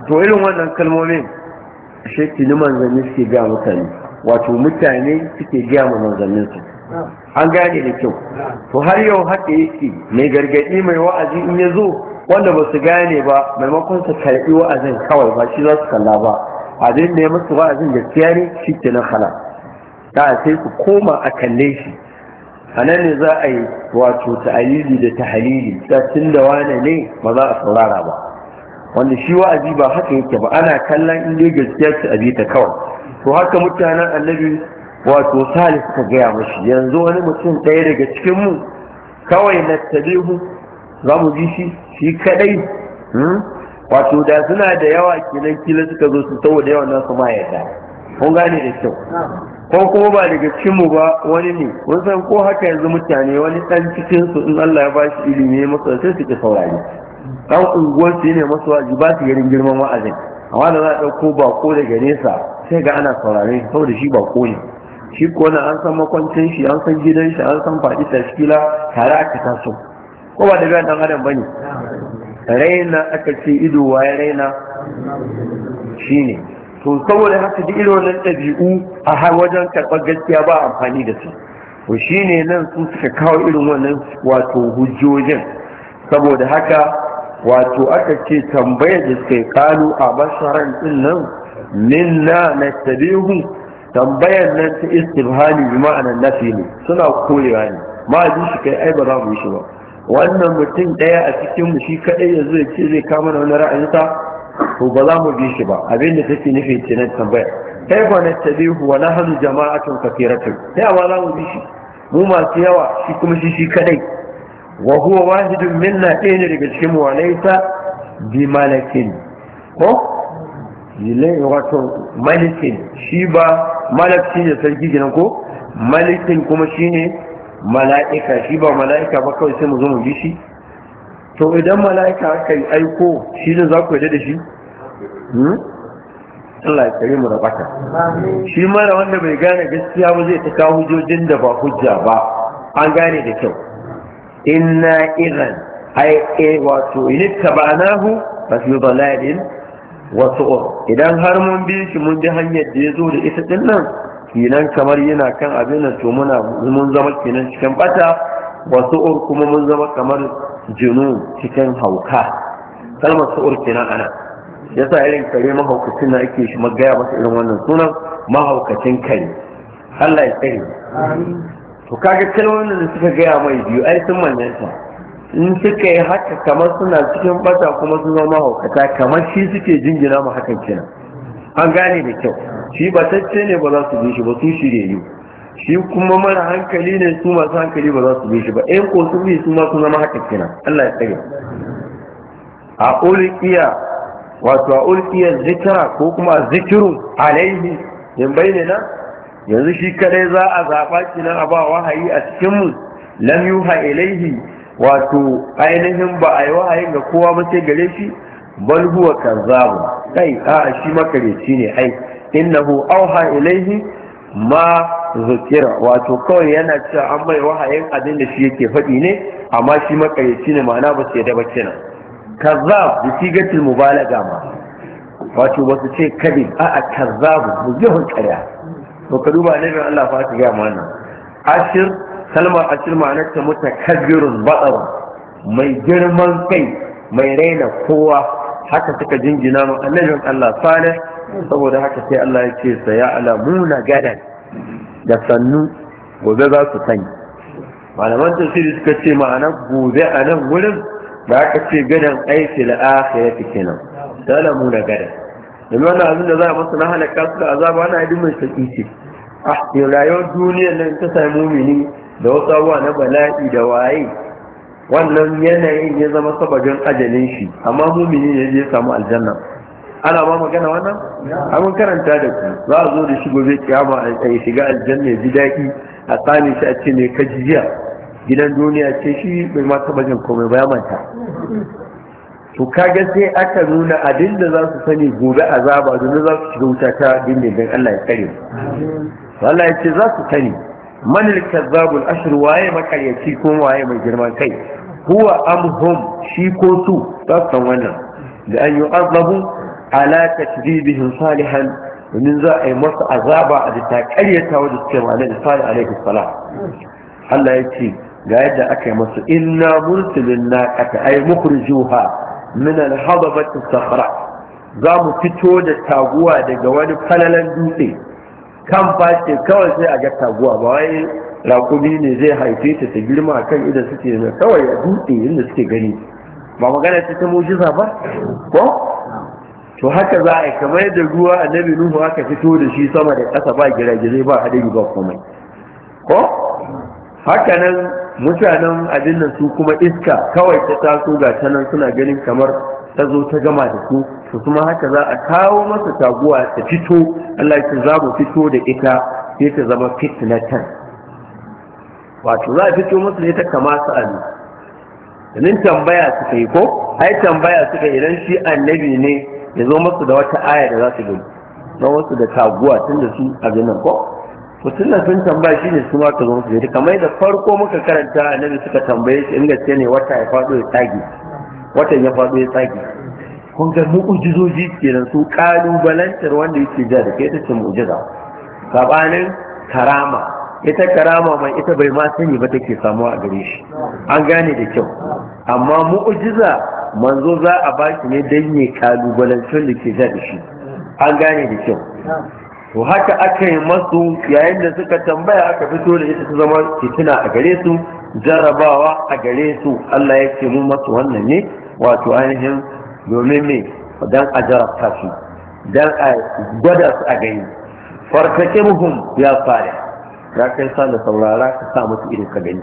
to irin wannan kalmomin shi ni manzanni suke ga mutane wato mutane suke ga manzannin su an gane da kyau to har yau haka yake mai gargadi mai wa'azi in ya zo wanda ba su gane ba maimakon su karɓi wa'azin kawai ba shi za su kalla ba abin da ya musu wa'azin gaskiya ne shi ke na hala ta sai ku koma a kalle shi a ne za a yi wato ta'alili da tahalili tun da wane ne ba za a saurara ba wanda shi wa'azi ba haka yake ba ana kallon inda gaskiya ce abi ta kawai to haka mutanen annabi wato salih suka gaya mashi yanzu wani mutum ɗaya daga cikin mu kawai na tabihu za mu ji shi shi kaɗai? Hmm? wato da suna da yawa kenan kila suka zo su saboda yawan nasu ma yadda kun gane da kyau ko kuma ba daga cikinmu ba wani ne san ko haka yanzu mutane wani cikin su in Allah ya bashi ilimi masa sai su ki saurari Dan unguwar su ne masa wajibi ba su ganin girman wa'azin amma da za a ɗauko ko daga nesa sai ga ana saurare shi saboda shi ko ne shi ko na an san makwancin shi an san gidan shi an san faɗi tashkila tare aka taso ko ba da biyan ɗan adam bane raina aka ce ido waye raina shine to saboda haka duk irin wannan ɗabi'u a wajen karɓar gaskiya ba amfani da su to ne nan su suka kawo irin wannan wato hujjojin saboda haka wato aka ce tambayar da suka kalu a basharan din nan minna na tabihu tambayar nan ta istibhani bi ma'anar nafi ne suna koyawa ne ma shi kai ai ba za mu yi shi ba wannan mutum ɗaya a cikin mu shi kaɗai yanzu ya ce zai kama da wani ra'ayinsa to ba za mu bi shi ba abin da take nufi ce nan tambaya kai ba na tabihu wa na hannu jama'atun kafiratun sai a ba za mu bi shi mu masu yawa shi kuma shi shi kadai wa huwa wahidun minna ɗaya ne daga cikin mu walaita bi malakin ko zilai wato malakin shi ba malakin sarki gina ko malakin kuma shine ne mala'ika shi ba mala'ika ba kawai sai mu zo mu bi shi to idan mala'ika aka yi aiko shi ne za ku yi da shi hmm? Allah ya kare mu da baka shi mara wanda bai gane gaskiya ba zai ta kawo hujjojin da ba hujja ba an gane da kyau inna iran ai e wato in tabanahu fi dalalin wasu idan har mun bi shi mun bi hanyar da ya zo da ita din nan kenan kamar yana kan abin nan to muna mun zama kenan cikin bata Wasu kuma mun zama kamar junun cikin hauka kalmar sa'ur kenan ana yasa irin kare mahaukacin na ake shi magaya masa irin wannan sunan mahaukacin kare Allah ya tsare to kaga kalmomin da suka gaya mai biyu ai sun manyanta in suka yi haka kamar suna cikin bata kuma sun zama mahaukata kamar shi suke jingina mu hakan kenan an gane da kyau shi batacce ne ba za su bi shi ba su shirye yi shi kuma mara hankali ne su masu hankali ba za su bi shi ba in ko su bi su ma sun zama haka kina Allah ya tsare a ulqiya wato a ulqiya zikra ko kuma zikru alaihi yan bayyana yanzu shi kadai za a zaba nan a ba wahayi a cikin mu lam yuha ilaihi wato ainihin ba a yi wahayin ga kowa ba sai gare shi bal huwa kazzabu kai a shi makareci ne ai innahu auha ilaihi ma zukira wato kawai yana cewa an mai wahayin abin da shi yake faɗi ne amma shi makayyaci ne ma'ana ba su yadda ba kenan kazzab bi sigatil mubalaga ma wato ba su ce kadi a a kazzab mu yawan ƙarya to ka duba ne Allah fa ta ga mana ashir kalmar ashir ma'anar ta mutakabbirun badar mai girman kai mai raina kowa haka suka jinjina mu annabi Allah salih saboda haka sai Allah ya ce sa alamuna gadan da sannu gobe za su sani malaman tafsiri suka ce ma'ana gobe a nan wurin da aka ce gadan aiki da aka ya fi kenan ya'lamuna gadan domin wannan abin da za a masu na halaka su da azaba na yi mai sauki ce a ah, rayuwar duniyar nan ta sami mumini da wasu abuwa na bala'i da waye wannan yanayin ya zama sabajin ajalin shi amma mumini ne zai samu aljanna ana ma magana wannan abin karanta da ku za a zo da shi gobe kiyama a yi shiga aljanna ji daɗi a tsani shi a ce mai jiya? gidan duniya ce shi bai ma taɓa jin komai ba manta to kaga sai aka nuna abin da za su sani gobe azaba domin za su shiga wuta ta dindindin Allah ya tsare Allah ya ce za su sani man al-kazzabul ashr waye makaryaci ko waye mai girman kai huwa amhum shi ko su san wannan da an yi azabu ala takdibihim salihan domin za a yi masa azaba a da ta karyata wadda suke ma annabi salih alaihi salam Allah ya ce ga yadda aka yi masa inna mursilin naqata ay mukhrijuha min al-hadabati sakhra za mu fito da taguwa daga wani falalan dutse kan face kawai sai a ga taguwa ba wai rakumi ne zai haife ta ta girma kan idan suke kawai a dutse inda suke gani ba magana ce ta mujiza ba ko to haka za a kamar yadda ruwa annabi nuhu aka fito da shi sama da ƙasa ba giragizai ba hadari ba komai ko haka nan mutanen abin nan su kuma iska kawai ta taso ga ta nan suna ganin kamar ta zo ta gama da su to kuma haka za a kawo masa taguwa ta fito Allah ya za mu fito da ita sai ta zama fitnatan wato za a fito masa ne ta kama sa'ani domin tambaya suka yi ko ai tambaya suka idan shi annabi ne ya zo masu da wata aya da za su gani na wasu da taguwa tun da su abin nan ko mutum na sun tambaya shi ne su ma ka zo su da kamar da farko muka karanta annabi suka tambaye shi inda ce ne wata ya faɗo ya tsage watan ya faɗo ya tsage kun ga mu'ujizoji kenan su kalubalantar wanda yake jar da ke ta ce mu'ujiza sabanin karama ita karama mai ita bai ma sani ba take samuwa a gare shi an gane da kyau amma mu'ujiza manzo za a baki ne don ya kalubalancin da ke da shi an gane da kyau to haka aka yi masu yayin da suka tambaya aka fito da ita ta zama fitina a gare su jarabawa a gare su Allah ya ce mu masu wannan ne wato ainihin domin me dan a jarabta su dan a gwada su a gani muhum ya fara ya kai sa da saurara ka sa musu irin ka gani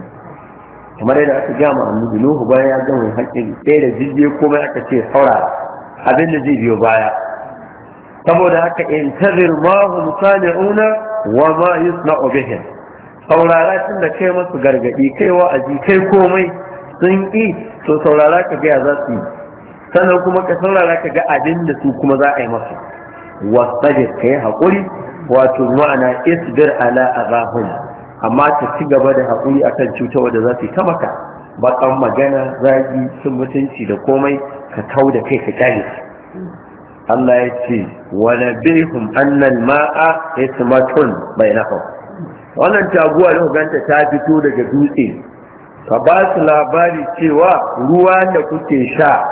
kamar yadda aka gama annabi nuhu bayan ya gama haƙƙin ɗaya da jirgin komai aka ce saurara abin da zai biyo baya saboda haka in tazir ma hum una wa ma yusna'u bihim saurara tun da kai masu gargaɗi kai wa'azi kai komai sun ƙi to saurara ka ga za su yi sannan kuma ka saurara ka ga abin da su kuma za a yi masu wasajir ka yi haƙuri wato ma'ana isbir ala azahum amma ta ci gaba da haƙuri akan cutarwa da za su ta maka bakan magana zagi sun mutunci da komai ka kau da kai ka kyale Allah ya ce wa nabihum annal ma'a ismatun bainahum wannan taguwa da ganta ta fito daga dutse ka ba su labari cewa ruwa da kuke sha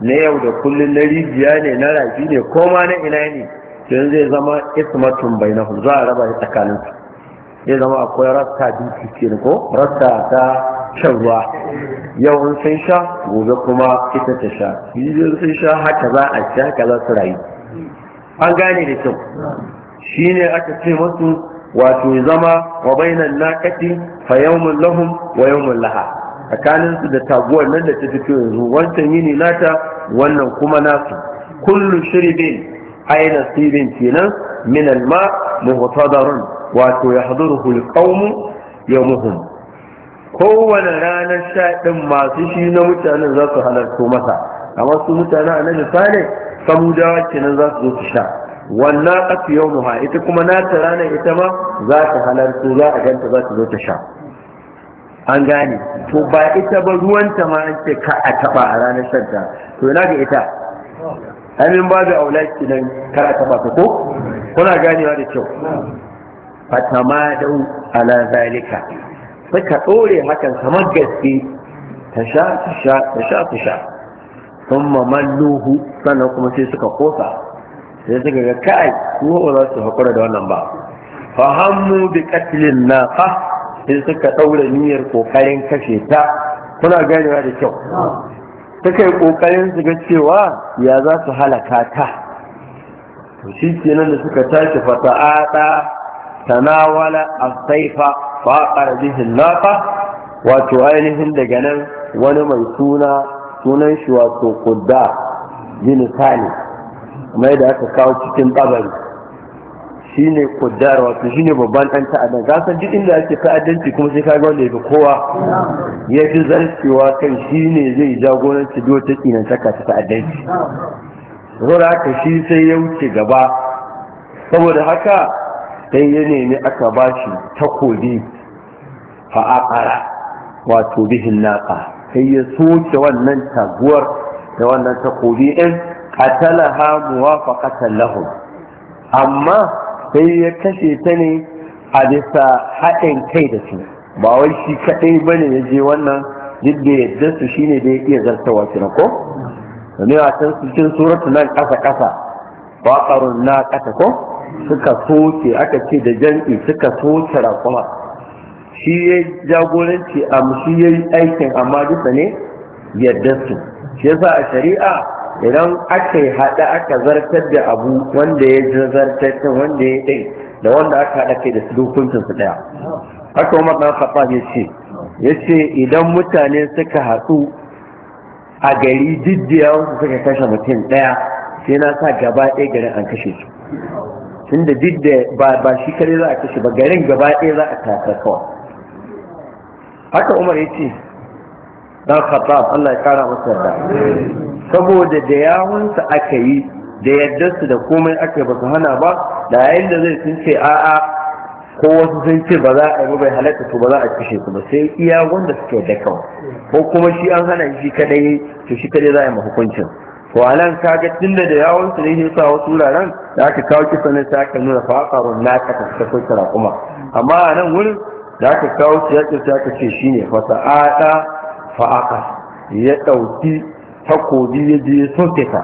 na yau da kullum na rijiya ne na rafi ne ko ma na ina ne yanzu zai zama ismatun bainahum za a raba shi tsakanin zai zama akwai rasta dinki ke ko rasta ta shan ruwa yau in sun sha gobe kuma ita ta sha yanzu sun sha haka za a sha haka za su rayu an gane da kyau shine aka ce masu wato zama wa bainan naqati fa yawmun lahum wa yawmun laha tsakanin su da taguwar nan da ta fito yanzu wancan yini nata wannan kuma nasu kullu shirbin ay nasibin kenan min alma muhtadarun wato yahduruhu ya yawmuhum kowane ranar sha ɗin masu shi na mutanen za su halarto masa amma su mutane a nan misali samudawa kenan za su zo su sha wannan ƙafi yau nuha ita kuma nata ranar ita ma za ta halarto za a ganta za ta zo ta sha an gane to ba ita ba ruwanta ma an ka a taɓa a ranar shanta to ina ga ita amin babu aula kenan kar a taba ka ko kuna ganewa da kyau fatamadau ala zalika suka ɗore hakan kamar gaske ta sha ta sha ta sha ta sha thumma nuhu sannan kuma sai suka kosa sai suka ga kai ko ba za su haƙura da wannan ba fahammu bi na fa sai suka daura niyyar ƙoƙarin kashe ta kuna ganewa da kyau suka yi kokarin su ga cewa ya za su halaka ta to shi kenan da suka tashi ta tanawala a saifa fa qaradihi lafa wato ainihin daga nan wani mai suna sunan shi wato kudda jini sani mai da aka kawo cikin tsabari shine kuddar wato ne babban ɗan ta'adda gasar san duk inda ake ta'addanci kuma sai kaga wanda yafi kowa ya fi zarcewa kan ne zai jagoranci duk wata saka ta ta'addanci zura ka shi sai ya wuce gaba saboda haka sai ya nemi aka shi takobi fa'aqara wato bihin naƙa, sai ya soke wannan taguwar da wannan takobi din qatalaha muwafaqatan lahum amma sai ya kashe ta ne a bisa haɗin kai da su ba wai shi kaɗai ba ne ya je wannan duk da yadda su shi ne da ya iya zartawa shi na ko Sani a can cikin suratu nan ƙasa ƙasa ba ƙarun na ƙasa ko suka soke aka ce da jan'i suka soke raƙuma shi ya jagoranci a shi ya yi aikin amma duka ne yadda su shi yasa a shari'a idan aka yi haɗa aka zartar da abu wanda ya zartar da wanda ya ɗai da wanda aka haɗa kai da su hukuncin su ɗaya haka umar ɗan khattab ya ce ya ce idan mutane suka haɗu a gari jijjiya wasu suka kashe mutum ɗaya sai na sa gaba ɗaya garin an kashe su tunda duk da ba shi kare za a kashe ba garin gaba ɗaya za a tasa kawai haka umar ya ce ɗan faɗa Allah ya kara masa da saboda da yawansa aka yi da su da komai aka ba su hana ba da yayin da zai sun ce a'a ko wasu sun ce ba za a yi bai halatta to ba za a kashe su ba sai iya wanda suke da kawai ko kuma shi an hana shi kadai to shi kadai za a yi ma hukuncin to a nan kaga tunda da yawansa su ne sa wasu wuraren da aka kawo kisa ne sai aka nuna faƙarun naka ta ta kai tara kuma amma a nan wurin da aka kawo shi ya ce sai aka ce shine fasa'ada fa'aka ya ɗauki takobi ya je soke ta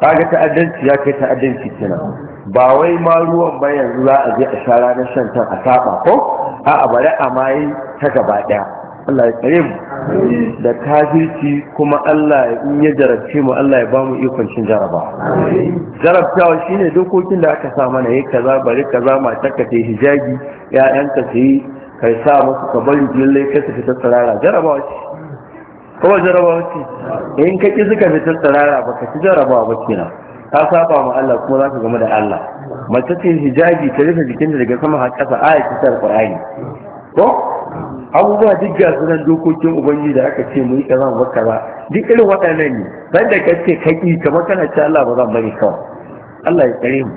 kaga ta'addanci ya kai ta'addanci kenan ba wai ma ruwan ba yanzu za a je a sha ranar shan can a saba ko a'a bari a mayi ta gaba daya Allah ya kare mu da kafirci kuma Allah in ya jarabce mu Allah ya bamu ikon cin jaraba jarabtawa shine dokokin da aka sa mana yayi kaza bari kaza mata ka ta hijabi ya'yanka ka yi kai sa musu ka bari lallai ka su fita tsirara jarabawa ce kawai jarabawa ce in ka ƙi suka fitar tsirara ba ka ci jarabawa ba na ka saba ma Allah kuma za ka game da Allah mace ce hijabi ta rufe da daga sama har ƙasa aya ta tsara ko abubuwa duk ga sunan dokokin ubangiji da aka ce mu yi kaza mu ba. duk irin waɗannan ne dan da kace kaki kamar kana ce Allah ba zan bari kawai Allah ya kare mu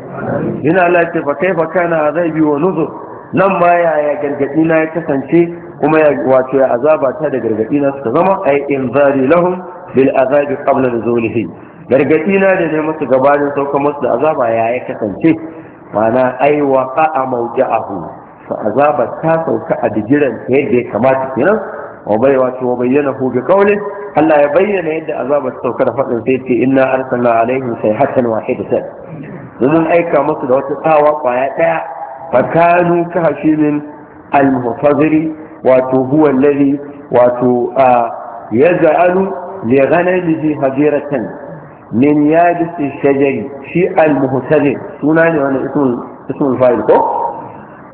ina Allah ya ce fa kaifa kana wa nuzur nan ma yaya gargadi na ya kasance kuma ya wato ya azaba ta da gargadi na suka zama ayi inzari lahum bil azabi qabla nuzulihi gargadi na da ne musu gabanin sauka musu da azaba ya ya kasance mana ai wa qa'a mawja'ahu fa azaba ta sauka a digiran ta yadda ya kamata kenan wa bai wato wa bayyana hu bi qawli Allah ya bayyana yadda azaba ta sauka da fadin sai ce inna arsalna alaihim sayhatan wahidatan domin aika musu da wata tsawa kwaya daya fakanu ka hashimin al-muhtaziri wato huwa alladhi wato yaz'alu li ghanamihi hadiratan min yadis shajari shi al-muhtajir suna ne wani ismul fa'il ko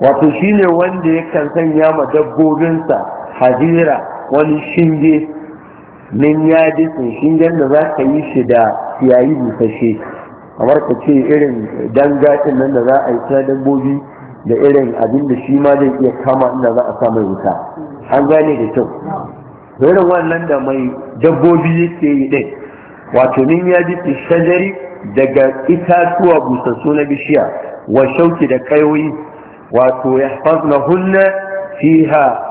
wato ne wanda ya yakan sanya ma dabbobinsa hadira wani shinge min yadis shingen da za ka yi shi da yayi busashe kamar ka ce irin dangatin nan da za a yi ta dabbobi da irin abin da shi ma zai iya kama inda za a sa mai wuta an gane da kyau irin wannan da mai dabbobi yake yi din wato min ya ji shajari daga itatuwa busassu na bishiya wa shauki da kayoyi wato ya fasna hunna fiha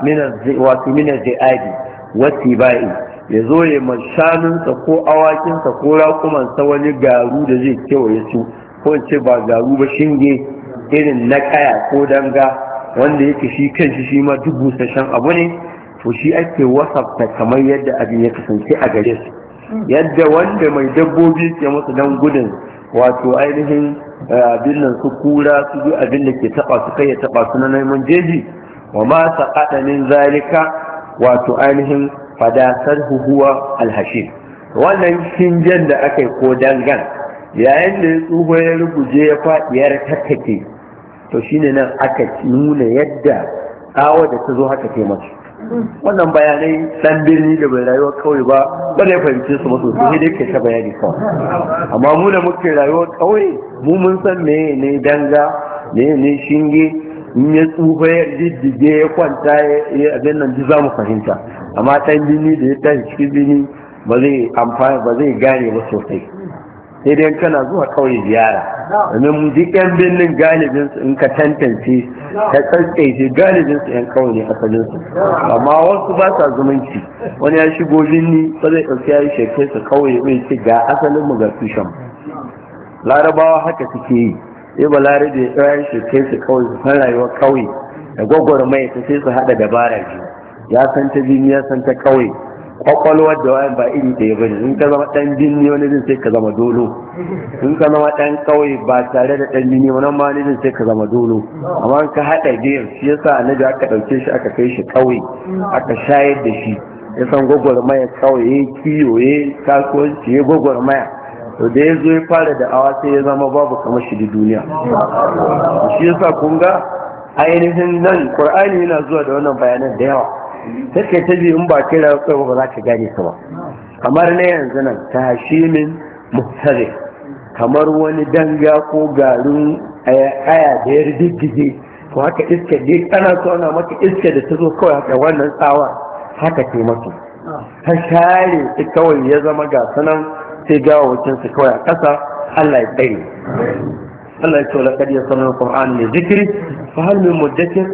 wato mina zai'adi wasi ba'i ya zo ya mashanunsa ko awakinsa ko raƙumansa wani garu da zai kewaye su ko ce ba garu ba shinge irin na kaya ko danga wanda yake shi kanshi shi ma duk busasshen abu ne to shi ake wasafta kamar yadda abin ya kasance a gare su yadda wanda mai dabbobi ke masa dan gudun wato ainihin eh, abin nan su kura su bi abin da ke taba su kai ya taba su na neman jeji wa ma zarika, zalika wato ainihin fadasar huwa alhashim wannan jan da aka yi ko dangan yayin da ya tsuho ya ruguje ya faɗi ya take to ne nan aka nuna yadda awa da ta zo haka ke masu wannan bayanai ɗan birni da bai rayuwar kawai ba ba da fahimci su masu sai dai ke ta bayani kawai amma mu da muke rayuwar kawai mu mun san me ne danga me ne shinge in ya tsufa ya diddige ya kwanta ya abin nan ji za mu fahimta amma dan birni da ya tashi cikin birni ba zai amfani ba zai gane ba sosai sai dai kana zuwa kauye ziyara domin duk yan birnin galibin su in ka tantance ka shi galibin su yan kauye ne asalin su amma wasu ba sa zumunci wani ya shigo birni ba zai ɗauki ya yi shekai su kauye bai ce ga asalin mu ga tushen larabawa haka suke yi sai ba larabe ya yi shekai su kauye su san rayuwar kauye da gwagwarmaya ta sai su haɗa dabara biyu ya san ta jini ya san ta kauye kwakwalwar da wayan ba iri ɗaya ba in ka zama ɗan binni wani zin sai ka zama dolo in ka zama ɗan ƙauye ba tare da ɗan binni wani ma wani zin sai ka zama dolo amma in ka haɗa biyan shi yasa annabi aka ɗauke shi aka kai shi ƙauye aka shayar da shi ya san gwagwarmaya ƙauye kiyo ya kasuwanci ya gwagwarmaya to da ya zo ya fara da awa sai ya zama babu kamar shi da duniya shi yasa kun ga ainihin nan ƙur'ani yana zuwa da wannan bayanan da yawa sai kai ta in ba kira kai ba za ka gane ta ba kamar na yanzu nan tashimin muhtare kamar wani danga ko garin eh, aya da ya rigidige to haka iska dai kana so na maka iska da ta zo kawai haka wannan tsawa haka ce maka ta share ta kawai ya zama ga sanan sai gawa wucin su kawai a ƙasa Allah ya tsaye Allah ya ce wa laqad yasanna al-qur'an li dhikri fa hal min mudakkir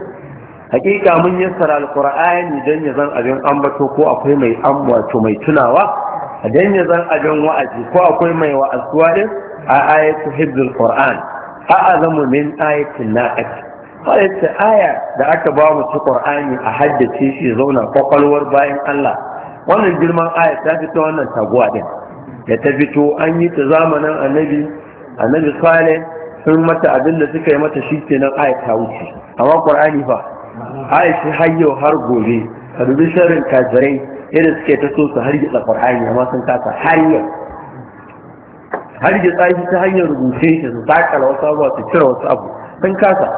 hakika mun yassara alqur'ani dan ya zan abin ambato ko akwai mai ambato mai tunawa dan ya zan abin wa'azi ko akwai mai wa'azuwa din a ayatu hibdul qur'an a azamu min ayatin naqat ita aya da aka ba mu ci qur'ani a haddace shi zauna kwakwalwar bayan Allah wannan girman aya ta fito wannan taguwa din da ta fito an yi ta zamanin annabi annabi salih sun mata abin da suka yi mata shi kenan aya ta wuce amma qur'ani fa aisha har yau har gobe ka dubi sharrin kajirai irin suke ta so su hargitsa qur'ani amma sun kasa har yau hargitsa ta hanyar rubuce shi su takala wasu abuwa su cire wasu abu sun kasa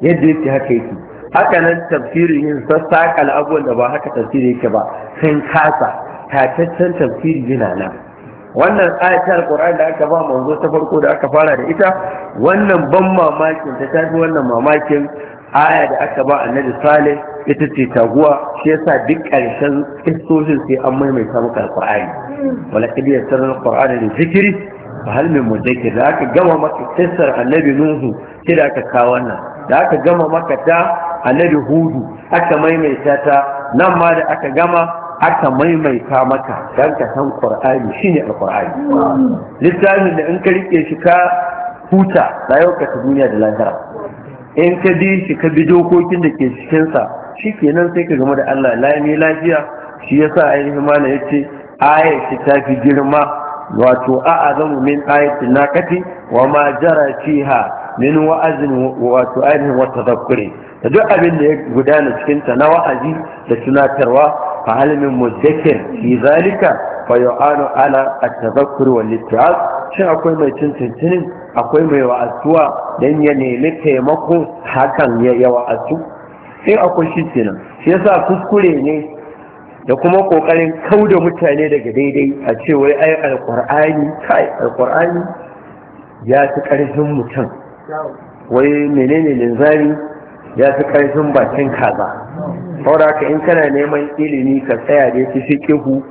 yadda yake haka yake haka nan tafsirin yin sassaƙa abubuwan da ba haka tafsiri yake ba sun kasa tataccen tafsiri yana nan wannan ayatar Qur'an da aka ba manzo ta farko da aka fara da ita wannan ban mamakin ta tafi wannan mamakin aya da aka ba annabi Sale, ita ce taguwa shi yasa duk karshen kistoshin sai an maimaita maka alƙur'ani wala kadi ya sanar alƙur'ani da zikiri fa hal min mudakkir da aka gama maka kissar annabi nuhu shi da aka kawo wannan da aka gama maka ta annabi hudu aka maimaita ta nan ma da aka gama aka maimaita maka dan ka san qur'ani shine alqur'ani littafin da in ka rike shi ka huta rayuwarka ta duniya da lahira in ka bi shi ka bi dokokin da ke cikinsa shi kenan sai ka game da Allah lami lafiya shi yasa ainihin mana ya ce ayashi ta fi girma wato a azamu min ayatin nakati wa ma jara fiha min wa'azin wato ainihin wata zakure da duk abin da ya gudana cikinta na wa'azi da tunatarwa فهل من مدكر في ذلك فيعان على التذكر والاتعاظ shin akwai mai cin tuntunin akwai mai wa'azuwa don ya nemi taimako hakan ya wa'azu in akwai shi shi yasa kuskure ne da kuma kokarin kauda mutane daga daidai a ce wai ai alqur'ani kai alqur'ani ya fi karfin mutum wai menene linzami ya fi ƙarfin bakin kaza saboda ka in kana neman ilimi ka tsaya da su fiqhu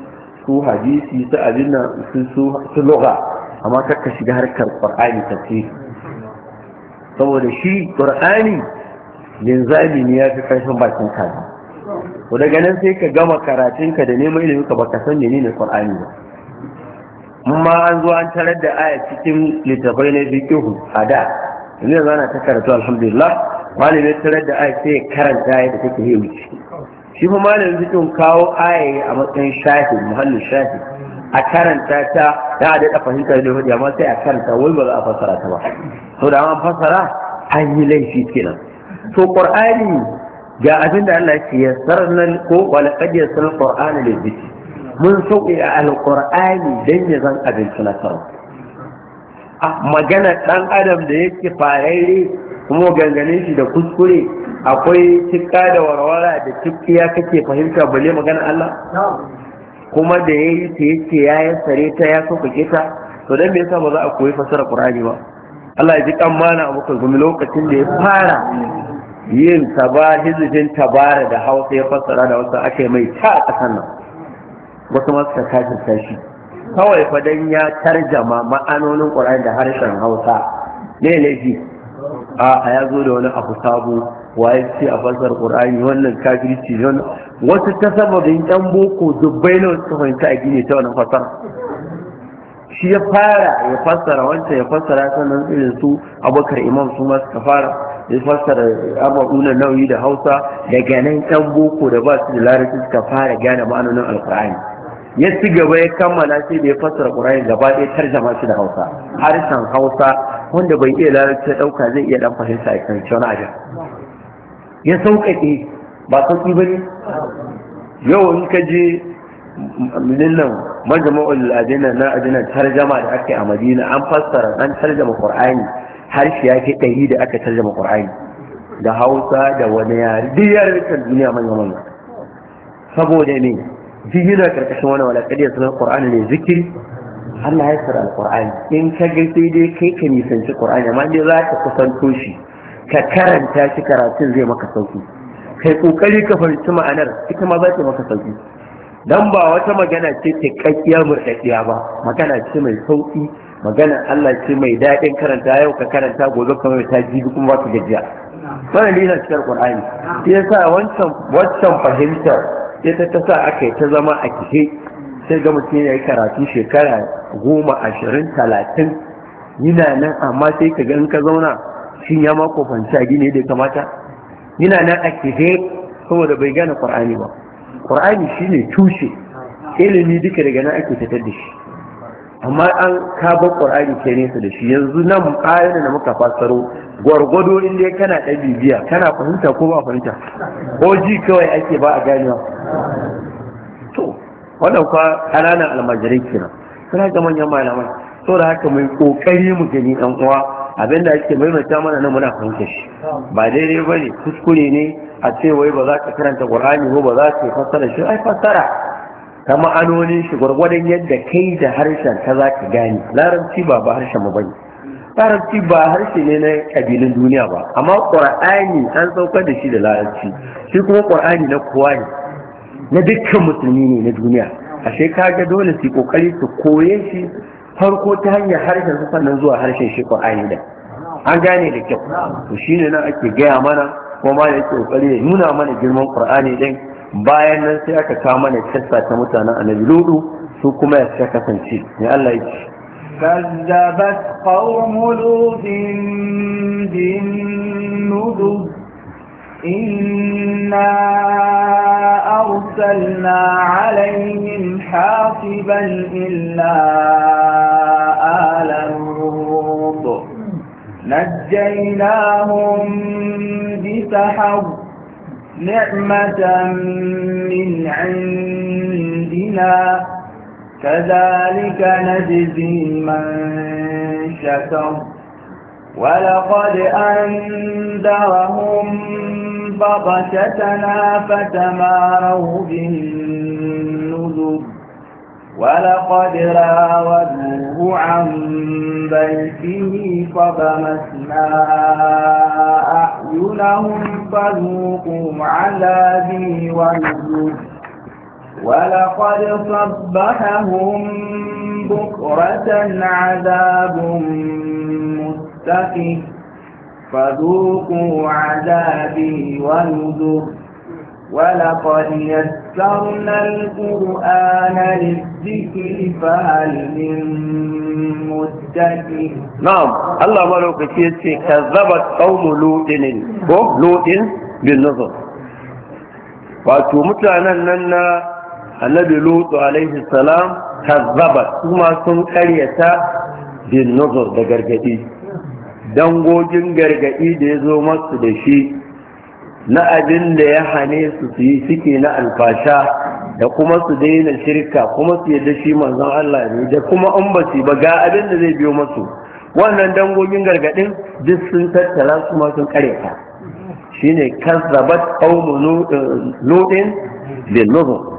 su hadisi su abinna su su amma kar ka shiga harkar ka ce saboda shi qur'ani linzami ne ya fi ƙarfin bakin kaza ko daga nan sai ka gama karatunka da neman ilimi ka baka san ne qur'ani ba ma an zo an tarar da aya cikin littafai na biƙihu a da yanzu ana ta karatu alhamdulillah malamin tarar da aya sai karanta yadda take yi wuce shi fa malamin fitin kawo aya a matsayin shafi muhallin shafi a karanta ta da a daɗa fahimtar da hudu amma sai a karanta wai ba za a fassara ta ba to da an fassara an yi laifi kenan to qur'ani ga abin da Allah ya nan ko wala qad yasal qur'ana lil dhikr mun sauƙi a alƙur'ani dan ya zan abin tunatarwa magana ɗan adam da yake fararre kuma ganganin shi da kuskure akwai cika da warwara da tikkiya kake fahimta bale magana Allah kuma da ya yi ta yake ya yassare ta ya kake ta to dan me yasa ba za a koyi fasara Qur'ani ba Allah ya ji kan mana abu kai gumi lokacin da ya fara yin tabahizin tabara da hausa ya fasara da wasu ake mai ta a ƙasar nan wasu masu ta kajin sashi. kawai fadan ya tarjama ma'anonin ƙur'ani da harshen hausa ne laifi a ya zo da wani abu sabo waye ce a fasar qur'ani wannan kafirci ne wannan wasu ta sababin yan boko dubbai na wasu fahimta a gine ta wannan fasar shi ya fara ya fassara wancan ya fassara sannan irin su abokar imam su ma suka fara ya fassara abubuwan nauyi da hausa daga nan yan boko da ba su da larabci suka fara gane ma'anonin alkur'ani ya ci gaba ya kammala sai da ya fassara ƙur'ani gaba ɗaya tarjama shi da hausa harshen hausa wanda bai iya larabci ɗauka zai iya ɗan fahimta a kan wani abin ya sauƙaƙe ba sauƙi ba ne yau in ka je nan majama'ul adina na adina tarjama da aka yi a madina an fassara an tarjama ƙur'ani harshe ya ke ɗari da aka tarjama ƙur'ani da hausa da wani yare duk yaran duniya manya-manya saboda ne duk na karkashin wani wala sunan qur'ani ne zikiri Allah ya sura alqur'ani in ka ga sai dai kai ka nisanci ƙur'ani, amma dai za ka kusanto shi ka karanta shi karatun zai maka sauki kai kokari ka fahimci ma'anar ita ma za ta maka sauki dan ba wata magana ce ta kakkiya murdaddiya ba magana ce mai sauki magana Allah ce mai daɗin karanta yau ka karanta gobe kamar ta jibi kuma ba ka gajiya wannan ne yana cikin ƙur'ani, shi yasa wancan wancan fahimtar sai ta sa aka yi ta zama a kihe sai ga mutum ya yi karatu shekara goma ashirin talatin yana nan amma sai ka ga ka zauna shin ya mako fanta gine da kamata yana nan a kihe saboda bai gane qur'ani ba qur'ani shine tushe ilimi duka daga nan ake fitar da shi amma an ka bar qur'ani ke nesa da shi yanzu nan ayoyin da muka fasaro gwargwado in dai kana ɗan bibiya kana fahimta ko ba fahimta ko ji kawai ake ba a ganewa to wannan kwa ƙananan almajirai kenan suna ga manyan malamai to da haka mai kokari mu gani ɗan uwa abin da ake maimaita mana nan muna fahimta shi ba daidai ba ne kuskure ne a ce wai ba za ka karanta qur'ani ko ba za ka fassara shi ai fassara ta ma'anonin shi gwargwadon yadda kai da harshen ta za ka gane larabci ba ba harshen mu bane larabci ba harshe ne na kabilun duniya ba amma ƙwar'ani an saukar da shi da larabci shi kuma ƙwar'ani na kowa ne na dukkan musulmi ne na duniya ashe ga dole su kokari su koye shi farko ta hanyar harshen su sannan zuwa harshen shi ƙwar'ani da an gane da kyau to shine nan ake gaya mana kuma da yake kokari ya nuna mana girman ƙur'ani ɗin bayan nan sai aka kawo mana kissa ta mutanen annabi lodu su kuma ya kasance ne Allah ya ce كذبت قوم لوط بالنذر إنا أرسلنا عليهم حاصبا إلا آل لوط نجيناهم بسحر نعمة من عندنا كذلك نجزي من شكر ولقد أنذرهم بطشتنا فتماروا بالنذر ولقد راودوه عن بيته فضمسنا أعينهم فذوقوا عذابي ونذر ولقد صبحهم بكرة عذاب مستقف فذوقوا عذابي ونذر ولقد يسرنا القرآن للذكر فهل من مدكر نعم الله ملوك كيسي كذبت قوم لوط لوط بالنظر wato mutanen nan na annabi lutu alaihi salam kazzaba kuma sun karyata bin nazar da gargadi dangogin gargadi da ya zo masu da shi na abin da ya hane su su yi suke na alfasha da kuma su daina shirka kuma su yadda shi manzon Allah ne da kuma an ba ba ga abin da zai biyo masu wannan dangogin gargadin duk sun tattara su ma sun karyata shine kazzabat qaumun lutin bin nuzur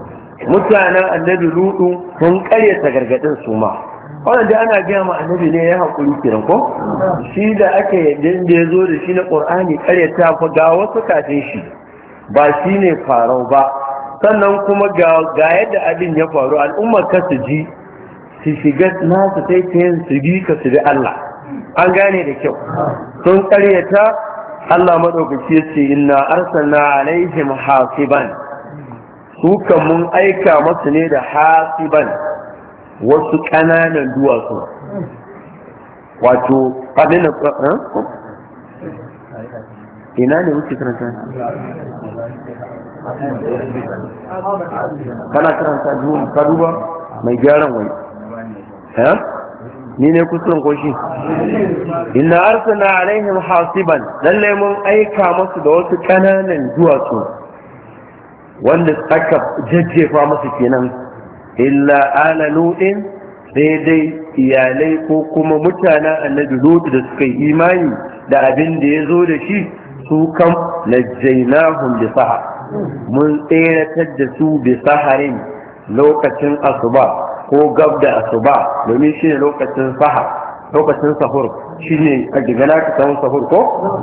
mutanen annabi ludu sun karyata gargadin su ma wannan da ana gaya ma annabi ne ya hakuri kiran ko shi da aka yi da ya zo da shi na ƙur'ani karyata fa ga wasu kafin shi ba shi ne farau ba sannan kuma ga yadda abin ya faru al'ummar ka su ji su shiga nasu sai ta yin su bi ka su bi Allah an gane da kyau sun karyata Allah madaukaki ya ce inna arsalna alaihim hasiban su mun aika masu ne da hasiban wasu ƙananan duwatsu wato faɗin na eh? ina ne wuce karanta kana karanta duwan ka mai gyaran wani eh? ni ne kusurin koshi inna arsana alaihim hasiban lallai mun aika masu da wasu ƙananan duwatsu wanda aka jajjefa masu kenan illa ala nuɗin sai dai iyalai ko kuma mutanen annabi lutu da suka yi imani da abin da ya zo da shi su kam najjainahum bi mun tseratar da su bi saharin lokacin asuba ko gab da asuba domin shi ne lokacin saha, lokacin sahur shi ne a digana ka sahur ko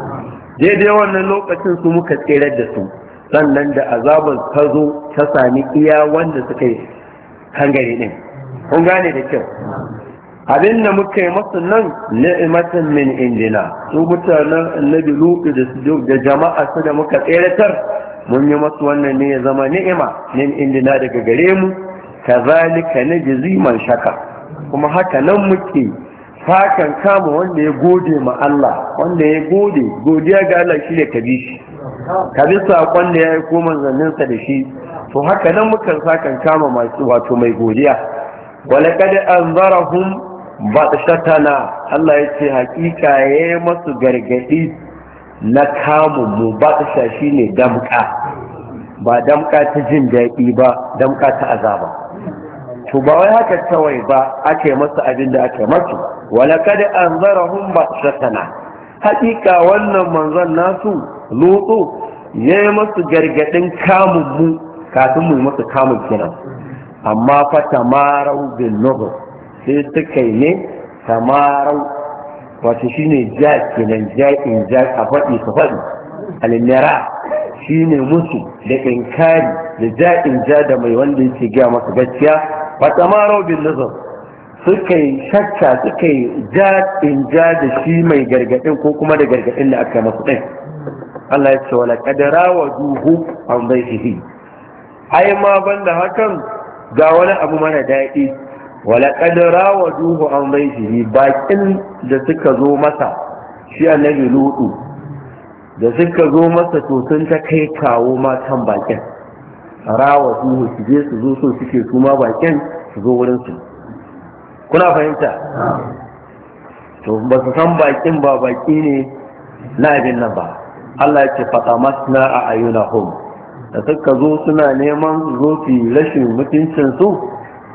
daidai wannan lokacin su muka tserar da su sannan da azabar ta zo ta sami iya wanda suka yi kangare din kun gane da kyau abin da muka yi masu nan ni'imatan min indina su mutanen annabi lutu da jama'a su da muka tseratar mun yi masu wannan ne ya zama ni'ima min indina daga gare mu kazalika jizi man shaka kuma haka nan muke fakan kama wanda ya gode ma Allah wanda ya gode godiya ga Allah shi ka bi shi ka bi saƙon da ya aiko manzanninsa da shi to haka nan mukan sakan kama masu wato mai godiya kada an walaqad anzarahum shatana Allah ya ce hakika ya yi masu gargadi na kamun mu batsha shine damka ba damka ta jin daɗi ba damka ta azaba to ba wai haka kawai ba ake masa abin da ake masu walaqad anzarahum shatana hakika wannan manzan nasu lutu ya yi masu gargadin kamun mu kafin mu yi masu kamun kiran amma fa tamarau bin nuhu sai ta kai ne tamarau wato ne ja kenan ja in ja a faɗi su faɗi shi ne musu da inkari da ja in ja da mai wanda yake gaya masa gaskiya fa tamarau bin nuhu suka yi shakka suka yi ja in ja da shi mai gargaɗin ko kuma da gargaɗin da aka masu ɗin Allah ya ce wala kadara wa duhu an baitihi ai ma banda hakan ga wani abu mana daɗi wala kadara wa duhu an baitihi bakin da suka zo masa shi annabi ludu da suka zo masa to sun ta kai kawo ma kan bakin rawa duhu su je su zo so suke su ma bakin su zo wurin su kuna fahimta to ba su san bakin ba baki ne na abin nan ba Allah ya ce faɗa masna a ayyunahum da suka zo suna neman zo rashin mutuncin su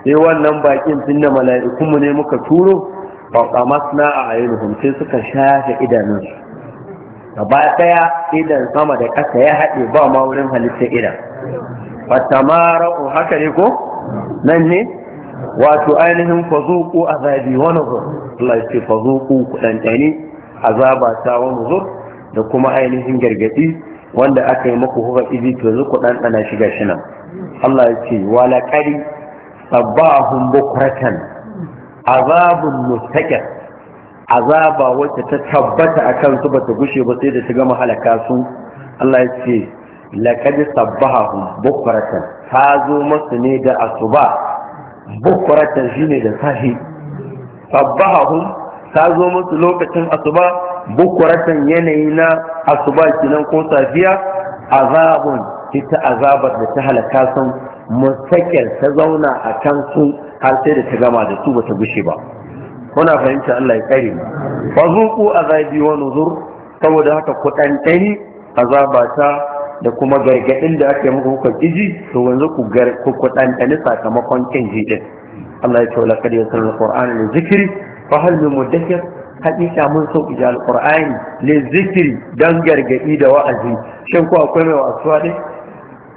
sai wannan bakin tun da mala'ikunmu ne muka turo faɗa masna a ayyunahum sai suka shafe idanunsu gaba ɗaya idan sama da ƙasa ya haɗe ba ma wurin halitta idan fatamara'u haka ne ko nan ne wato ainihin fazuku azabi wani zur Allah ya ce fazuku kuɗanɗani azaba ta wani zur da kuma ainihin gargadi wanda aka yi muku hukar izi to zuku ɗanɗana shiga shi nan Allah ya ce wala ƙari sabbahun bukratan azabun mustaqir azaba wacce ta tabbata a kansu ba ta gushe ba sai da ta gama halaka su Allah ya ce laqad sabbahum bukratan ta zo masu ne da asuba bukratan shine da sahi sabbahum ta zo musu lokacin asuba bukuratan yanayi na asuba kinan ko safiya azabun ita azabar da ta halaka sun mustaqil ta zauna a kan su har sai da ta gama da su bata gushe ba kuna fahimta Allah ya kare mu fa zuqu azabi wa nuzur saboda haka ku ɗanɗani azabata da kuma gargaɗin da ake muku kuka kiji to yanzu ku ku ɗanɗani sakamakon kin ji din Allah ya ce wala kad yasal alquran li zikri fa hal min hakika mun so ija alqur'ani le zikri dan gargadi da wa'azi shin ko akwai mai wasu ne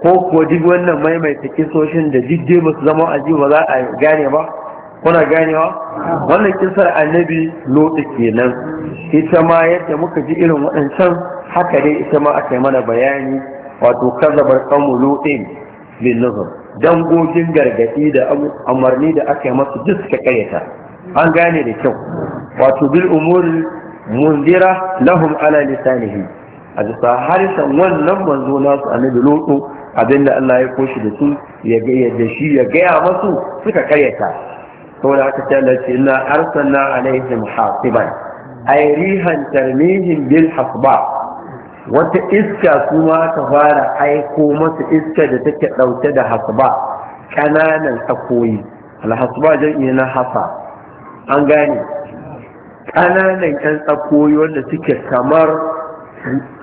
ko kuwa duk wannan maimaita kisoshin da didde musu zama wa'azi ba za a gane ba kuna ganewa wannan kisar annabi lotsi kenan ita ma yadda muka ji irin waɗancan haka dai ita ma aka yi mana bayani wato kazabar kanmu lotsin bin nuzur dangogin gargadi da umarni da aka yi masu duk suka karyata an gane da kyau wato bil umuri munzira lahum ala lisanihi a bisa harisan wannan manzo nasu annabi lutsu abinda Allah ya koshi da su ya gaya shi ya gaya masu suka karyata saboda haka sai Allah ce inna arsalna alaihim hasiban ay rihan tarmihim bil hasba wata iska kuma ta fara aiko masa iska da take dauke da hasba kananan takoyi al hasba jam'i na hasa an gane ƙananan 'yan tsakoyi wanda suke kamar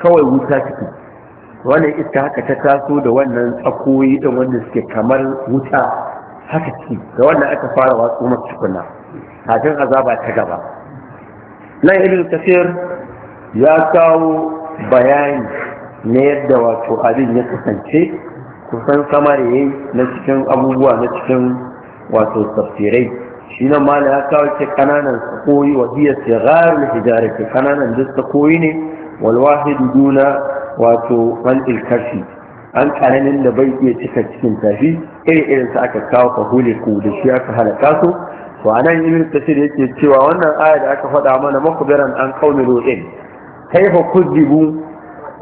kawai wuta ciki wannan iska haka ta taso da wannan tsakoyi da wanda suke kamar wuta haka ciki da wannan aka fara watsu masu kafin azaba ta gaba nan ibn kafir ya kawo bayani na yadda wato abin ya kasance kusan samariyai na cikin abubuwa na cikin wato tafsirai shi nan mala ya kawo ke kananan sakoyi wa biya sigarul hijarati kananan duk sakoyi ne wal wahidu duna wato wal ilkafi an kananin da bai iya cika cikin tafi iri irin sa aka kawo ka hule ku da shi aka halaka su to anan ibn kasir yake cewa wannan aya da aka faɗa mana makubiran an kauni ru'in kaifa kuzibu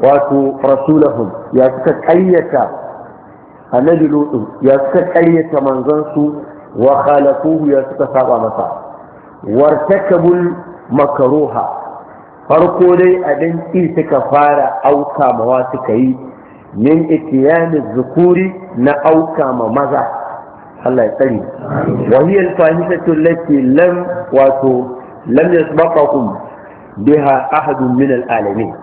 wato rasulahum ya suka kayyata annabi ya suka kayyata manzon su wa khalaquhu ya suka saba masa wartakabul makruha farko dai a ki suka fara auka mawa suka yi min itiyani zukuri na auka ma maza Allah ya tsari wa hiya al-fahishatu allati lam wato lam yasbaqakum biha ahadun min al-alamin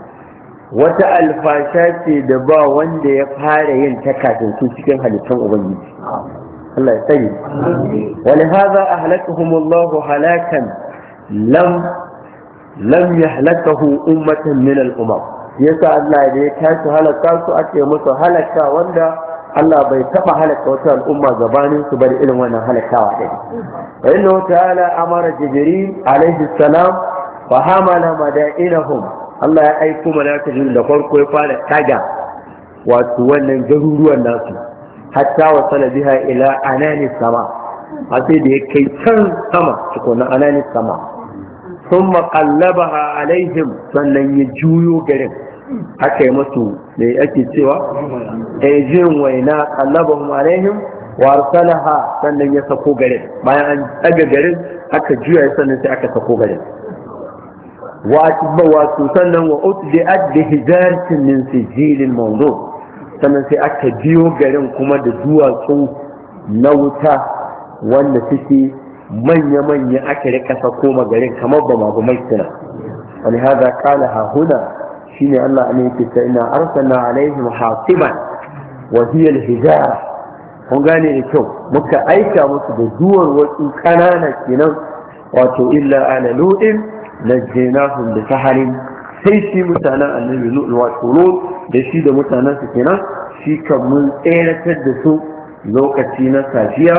wata alfasha ce da ba wanda ya fara yin takatun cikin halittun ubangiji Allah ya sani wani haza ahlakahumullahu halakan lam ya halakahu ummatan min al-umam yasa Allah ya tashi halaka su ake musu halaka wanda Allah bai taba halaka wata al'umma gabanin su bari irin wannan halakawa din wa ta'ala amara jibril alaihi salam fa hamala madainahum Allah ya aiko malaka da farko ya fara taga wato wannan garuruwan nasu hatta wasala biha ila anani sama a sai da ya kai can sama tukunan anani sama sun maƙallabaha alaihim sannan ya juyo garin aka yi masu da ake cewa ejin eh, waina ƙallabahum alaihim wa ha, sannan ya sako garin bayan an daga garin aka juya sannan sai aka sako garin wasu sannan wa utbi adda hijartin min sijilin mawdu sannan sai aka biyo garin kuma da duwatsu na wuta wanda suke manya-manya aka rika koma garin kamar ba ma mai suna wani haza kala ha huna shine Allah ne yake ta ina arsana alaihim hasiban wa hiya hijara kun gane da kyau muka aika musu da duwar wasu kanana kenan wato illa ala lu'in najjaynahum bi saharin sai shi mutanen annabi lu'in wato lu'in da shi da mutanensa kenan shi kan mun tseratar da su lokaci na safiya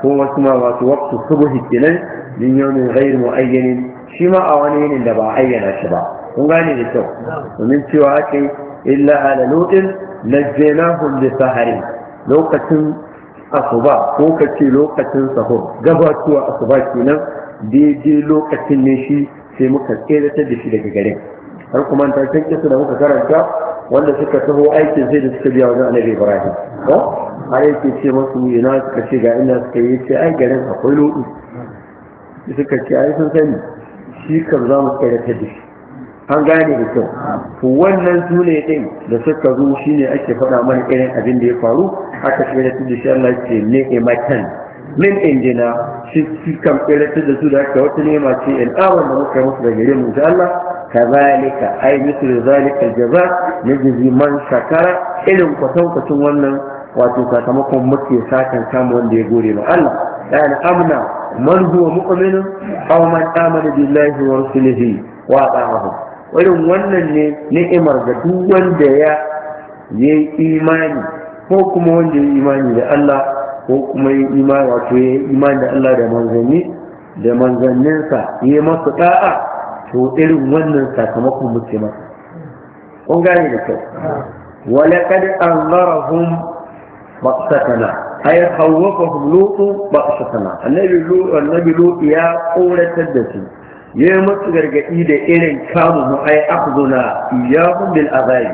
ko wasu ma wato waktu subuhi kenan min yawmin ghayr mu'ayyanin shi ma a wani yinin da ba a ayyana shi ba kun gane da kyau domin cewa ake illa ala lutin najjaynahum li saharin lokacin asuba ko kace lokacin sahur gabatuwa asuba kenan daidai lokacin ne shi sai muka tseratar da shi daga garin har kuma ta canke su da muka karanta wanda suka taho aikin sai da suka biya wajen annabi ibrahim ko har yake ce masu ina suka ce ga ina suka yi ce ai garin akwai lodu suka ce ai sun sani shi kan za mu tsaya ta dishi an gane da kyau to wannan su ne din da suka zo shine ake faɗa mana irin abin da ya faru aka tsaya ta dishi Allah ce ne matan min indina shi kan tsaya da su da aka wata nema ce in awon da muka musu da gare mu da Allah kazalika ai mithlu zalika jaza najzi man shakara irin kwatankwacin wannan wato sakamakon muke sakan samu wanda ya gode ma Allah yani amna man huwa mu'minun aw man amana billahi wa rusulihi wa ta'ahu irin wannan ne ni'imar da duk wanda ya yi imani ko kuma wanda ya yi imani da Allah ko kuma ya imani wato ya imani da Allah da manzanni da manzanninsa ya masa ta'a? to irin wannan sakamakon muke masa kun gane da kyau ولقد أنظرهم بقصتنا أي خوفهم لوط بقصتنا النبي لوط النبي لوط يا قولة الدسم ya masu gargadi da irin kamun mu ai afzuna, iyyahum bil azabi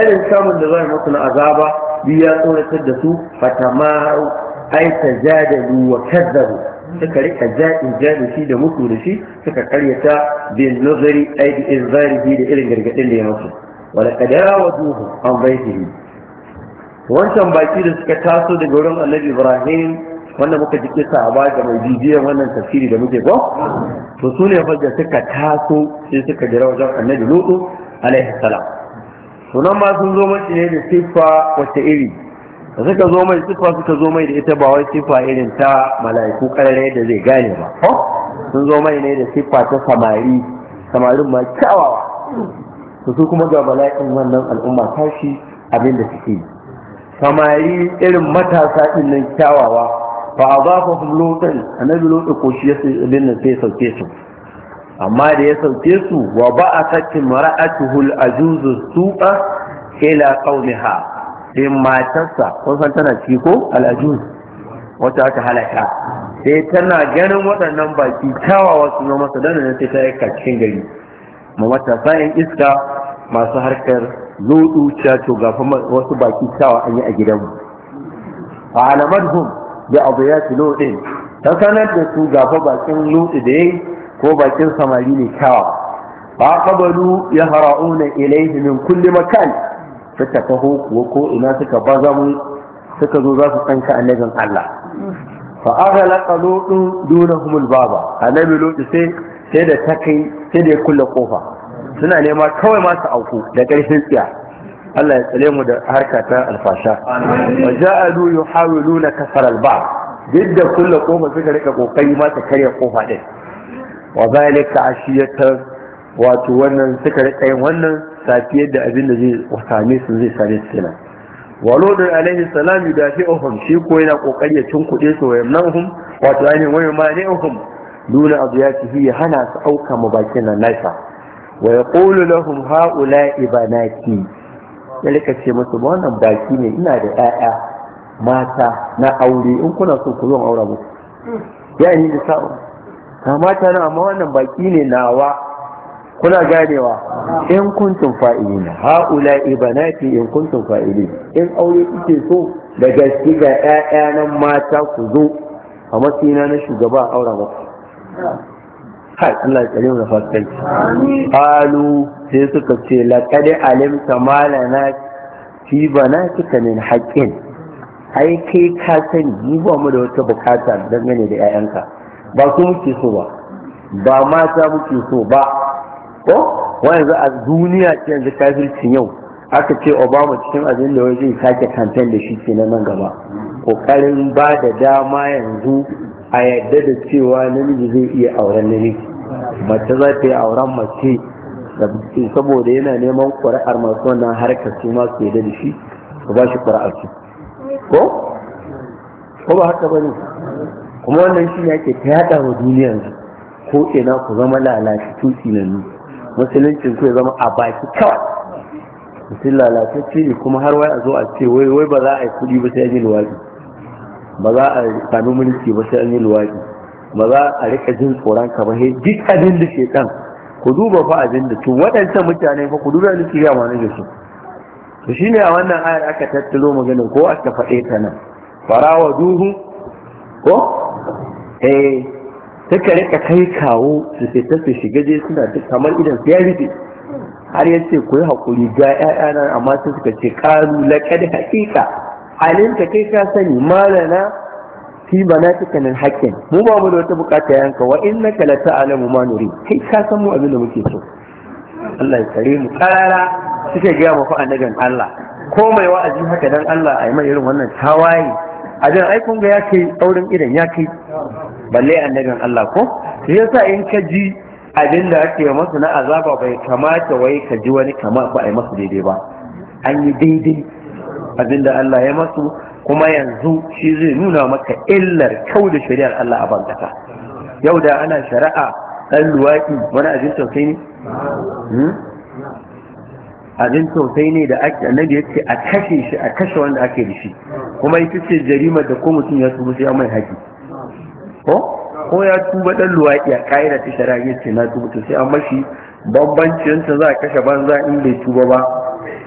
irin kamun da zai mutu na azaba bi ya tsoratar da su fatamaru ai tajadalu wa kazzabu suka rika ja'i ja'i shi da musu da shi suka karyata bin nazari ai da irin gargaɗin da ya musu wala qad rawaduhu an baytihi wancan baki da suka taso daga wurin Annabi Ibrahim wanda muka ji kisa ba ga mai bibiyan wannan tafsiri da muke ko to su ne suka taso sai suka jira wajen Annabi Lutu alaihi salam sunan ma sun zo mace ne da siffa wata iri da suka zo mai siffa suka zo mai da ita ba wai siffa irin ta mala'iku karare da zai gane ba sun zo mai ne da siffa ta samari samarin ma kyawawa su su kuma ga mala'ikun wannan al'umma tashi abin da suke samari irin matasa din nan kyawawa fa azafa hum lutan annabi lutu ko shi yasa din nan sai sauke su amma da ya sauke su wa ba'athat imra'atuhu al ajuzu suqa ila qaumiha sai matarsa kun san tana ciki ko al'ajun wata aka halaka sai tana ganin waɗannan baki kyawawa su zo masa sai ta yi cikin gari ma matasa iska masu harkar zuɗu cato ga wasu baki kyawa an yi a gidanmu a alamar da abu ya ci lodin ta sanar da su gafa bakin lodi da yayi ko bakin samari ne kyawa ba ya yahra'una ilayhi min kulli suka taho kuwa ko ina suka bazamu suka zo za su tsanka annabin Allah fa aghlaqa lutun dunahum albaba annabi lutu sai sai da ta kai sai da ya kulle kofa suna nema kawai masu auku da ƙarfin tsiya Allah ya tsale mu da harka ta alfasha wa ja'alu yuhawiluna kafar alba duk da kulle kofa suka rika kokari ma ta karya kofa din wa zalika ashiyatan wato wannan suka rika yin wannan safiyar da abin da zai same su zai same su kenan da alaihi salam da dafi ohun shi ko yana kokari ya cin kuɗe su wayan nan hum wato ainihin wayan ma ne ohun duna abu ya ya hana su auka mu bakin nan nasa wa ya lahum ha'ula ibanaki ya ce musu wannan baki ne ina da ƴaƴa. mata na aure in kuna so ku zo aura musu ya ni da sa'a mata na amma wannan baki ne nawa kuna ganewa in kuntum fa'ilin haula ibanati in kuntum fa'ilin in aure kike so da gaske ga ƴaƴa nan mata ku zo a masina na shugaba aura ba kai Allah ya kare mu da fasikai Halu sai suka ce laqad alimta malana fi banatika min haqqin ai kai ka sani ni ba mu da wata bukata dangane da ƴaƴanka ba su muke so ba ba mata muke so ba ko yanzu a duniya ce yanzu kafirci yau aka ce obama cikin abin da zai sake kamfen da shi ke nan gaba kokarin ba da dama yanzu a yadda da cewa namiji zai iya auren namiji mace za ta yi auren mace saboda yana neman ƙuri'ar masu wannan harkar su ma su yadda da shi su ba shi ƙuri'ar su ko ko ba haka bane kuma wannan shi ne ake ta yada wa duniya ko ina ku zama lalace tutsi na nuna musuluncin sai zama a baki kawai mutum lalatacce ne kuma har wai a zo a ce wai wai ba za a yi kudi ba sai an yi luwaki. ba za a sami mulki ba sai an yi luwaki. ba za a rika jin tsoron ka ba sai duk abin da ke kan ku duba fa abin da to waɗancan mutane fa ku duba da ke gama na su to shine a wannan ayar aka tattalo maganin ko aka faɗe ta nan farawa duhu ko eh suka rika kai kawo su fita su shiga je suna duk kamar idan su ya rufe har ya ce ku yi haƙuri ga ‘ya'yana amma sai suka ce ƙaru da haƙiƙa alinta kai ka sani malana fi mana kanin haƙƙin mu ba mu da wata buƙata yanka wa in kalata la alamu ma nuri kai ka san mu abin da muke so Allah ya kare mu karara suke gaya mu fa annabin Allah ko mai wa'azi haka dan Allah a yi mai irin wannan tawaye a jan ai ga ya kai auren idan ya kai balle annabin Allah ko shi yasa in ka ji abin da ake masu na azaba bai kamata wai ka ji wani kama ba a yi masu daidai ba an yi daidai abin da Allah ya masu kuma yanzu shi zai nuna maka illar kyau da shari'ar Allah a bankata. yau da ana shari'a ɗan luwaki wani abin sosai ne hmm? abin sosai ne da annabi ya ce a kashe shi a kashe wanda ake da shi kuma ita ce jarimar da ko mutum ya tubu sai mai haƙi ko ko ya tuba dan luwaki a kaida ta shari'a ce na tuba to sai an mashi bambancin ta za a kashe banza in bai tuba ba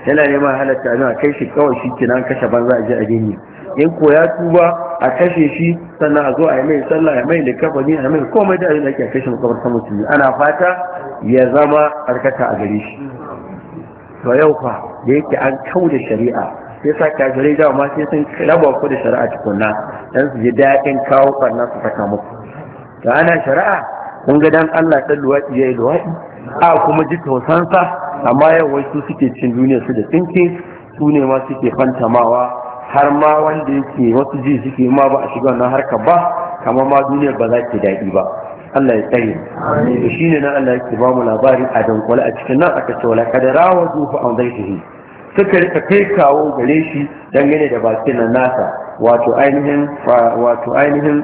yana neman halatta ne a kai shi kawai shi kenan kashe banza a je a gani in ko ya tuba a kashe shi sannan a zo a yi mai sallah a mai ne a mai komai da abin a ake kashe ta musulmi ana fata ya zama arkata a gare shi to yau fa da yake an kauda shari'a sai sa kafirai da ma sai sun raba ku da shari'a tukunna dan su ji daɗin kawo barna su saka muku da ana shari'a kun ga dan Allah ta luwaɗi yayi luwaɗi a kuma ji tausansa amma yau wai su suke cin duniya su da tsinke su ne ma suke fantamawa har ma wanda yake wasu ji suke ma ba a shiga wannan harkar ba kamar ma duniya ba za ki daɗi ba Allah ya tsare shi ne nan Allah yake ba mu labari a dankole a cikin nan aka ce wala kadara wa zufa an zaihi suka rika kai kawo gare shi dangane da bakin nan nasa wato ainihin wato ainihin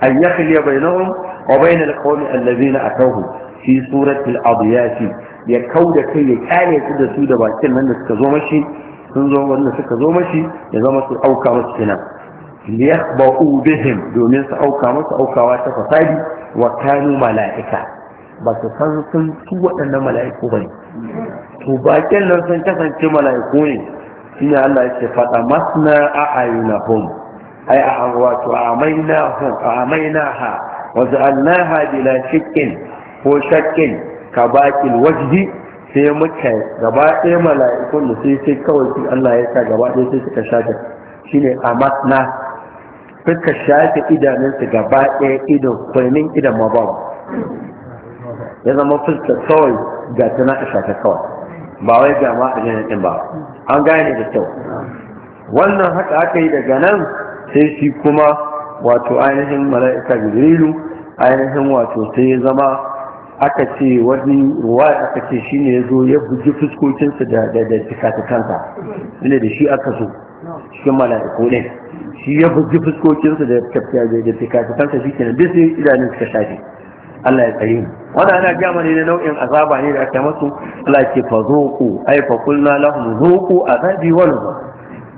an yakhliya bainahum wa bainal qawmi allazina atawhu fi suratul al-adiyati ya kauda kai ya kare su da su da bakin nan da suka zo mashi sun zo wanda suka zo mashi ya zama su auka masu kenan liyahba'u bihim domin su auka masu aukawa ta fasadi wa kanu mala'ika ba su san sun su waɗannan mala'iku ba ne to bakin nan sun kasance mala'iku ne ne Allah yake faɗa masna a hum ai a wato amaina hum amaina ha wa ha bila shakkin ko shakkin ka bakin wajhi sai muka gaba ɗaya mala'ikun da sai sai kawai shi Allah ya sa gaba ɗaya sai suka shafe shine amatna suka shafe idanunsu gaba ɗaya idan kwanin idan ma ya zama fuskar kawai ga ta na ta kawai ba wai ga ma ajiyar ɗin ba an gane da kyau wannan haka aka yi daga nan sai shi kuma wato ainihin mala'ika jibrilu ainihin wato sai ya zama aka ce wani ruwa aka ce shi ne ya zo ya buji fuskokinsa da kanta inda da shi aka so cikin mala'iku ne shi ya buji fuskokinsa da da kanta shi kenan duk sai idanun suka shafe Allah ya tsare mu wannan na ga mana ne nau'in azaba ne da aka masu Allah ya ce fa zuqu ai fa qulna lahum zuqu azabi wal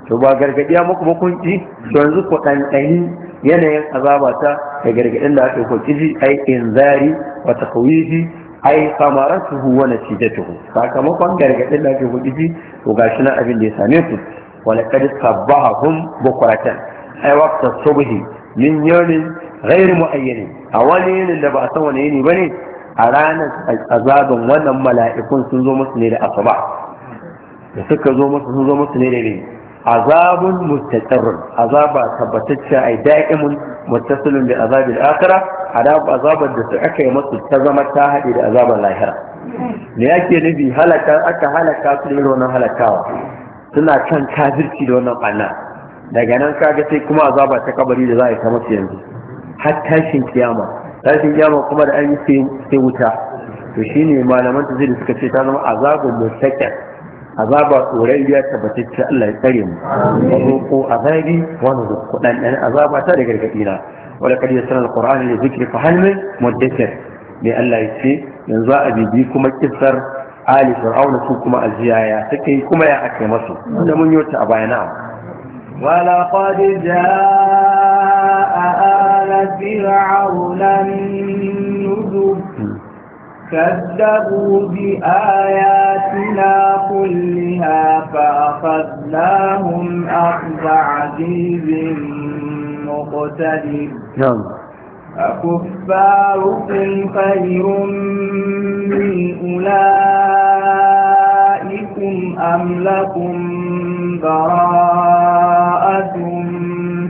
to ba gargadiya muku ba kun ji to yanzu ku dan dani yanayin azaba ta da gargadin da aka ku ji ai inzari wa takwifi ai samaratuhu wa natijatuhu sakamakon gargadin da aka ku ji to gashi nan abin da ya same ku wa laqad sabbahum bukratan ay waqta subhi min yawmin غير mu'ayyani a wani yinin da ba a san wani yini bane a ranar azabin wannan mala'ikun sun zo musu ne da asuba da suka zo musu sun zo musu ne da ne azabun mustaqirrun عذاب tabbatacce ai da'imun bi azabar da aka musu ta zama ta da azabar lahira halaka aka halaka su da wannan halakawa suna kan kafirci da wannan banna daga nan kaga sai kuma azaba ta kabari da za a yi ta musu yanzu har tashin kiyama tashin kiyama kuma da an yi sai wuta to shine malaman tafsiri suka ce ta zama azabun mutakin azaba tsoraiya tabbatacce Allah ya tsare mu ko azabi wani kudan dan azaba ta da gargadi na wala kad yasana alquran li zikri fa hal min Allah ya ce yanzu a bibi kuma kissar ali fir'auna su kuma aziyaya take kuma ya ake masu da mun wata a bayana ولقد جاء آل فرعون النذر كذبوا بآياتنا كلها فأخذناهم أخذ عزيز مقتدر نعم. أكفاركم خير من أولئكم أم لكم براءة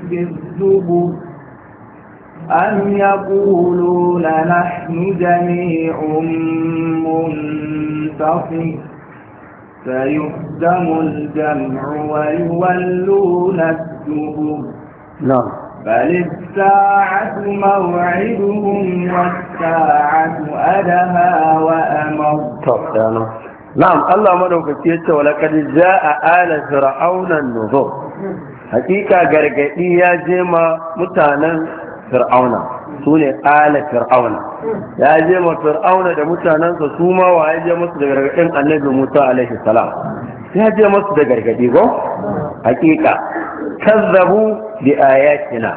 في الزبر أم يقولون نحن جميع منتصر فيهدم الجمع ويولون الدبر نعم بل الساعة موعدهم والساعة أدهى وأمر طب نعم. نعم الله مدوكك يتشى ولقد جاء آل فرعون النظر حقيقة غرغدي يا جماعة متانا fir'auna su ne ƙala fir'auna ya je ma fir'auna da mutanensa su ma wa ya je musu da gargaɗin annabi musa alaihi salam ya je musu da gargadi ko hakika kazzabu bi ayatina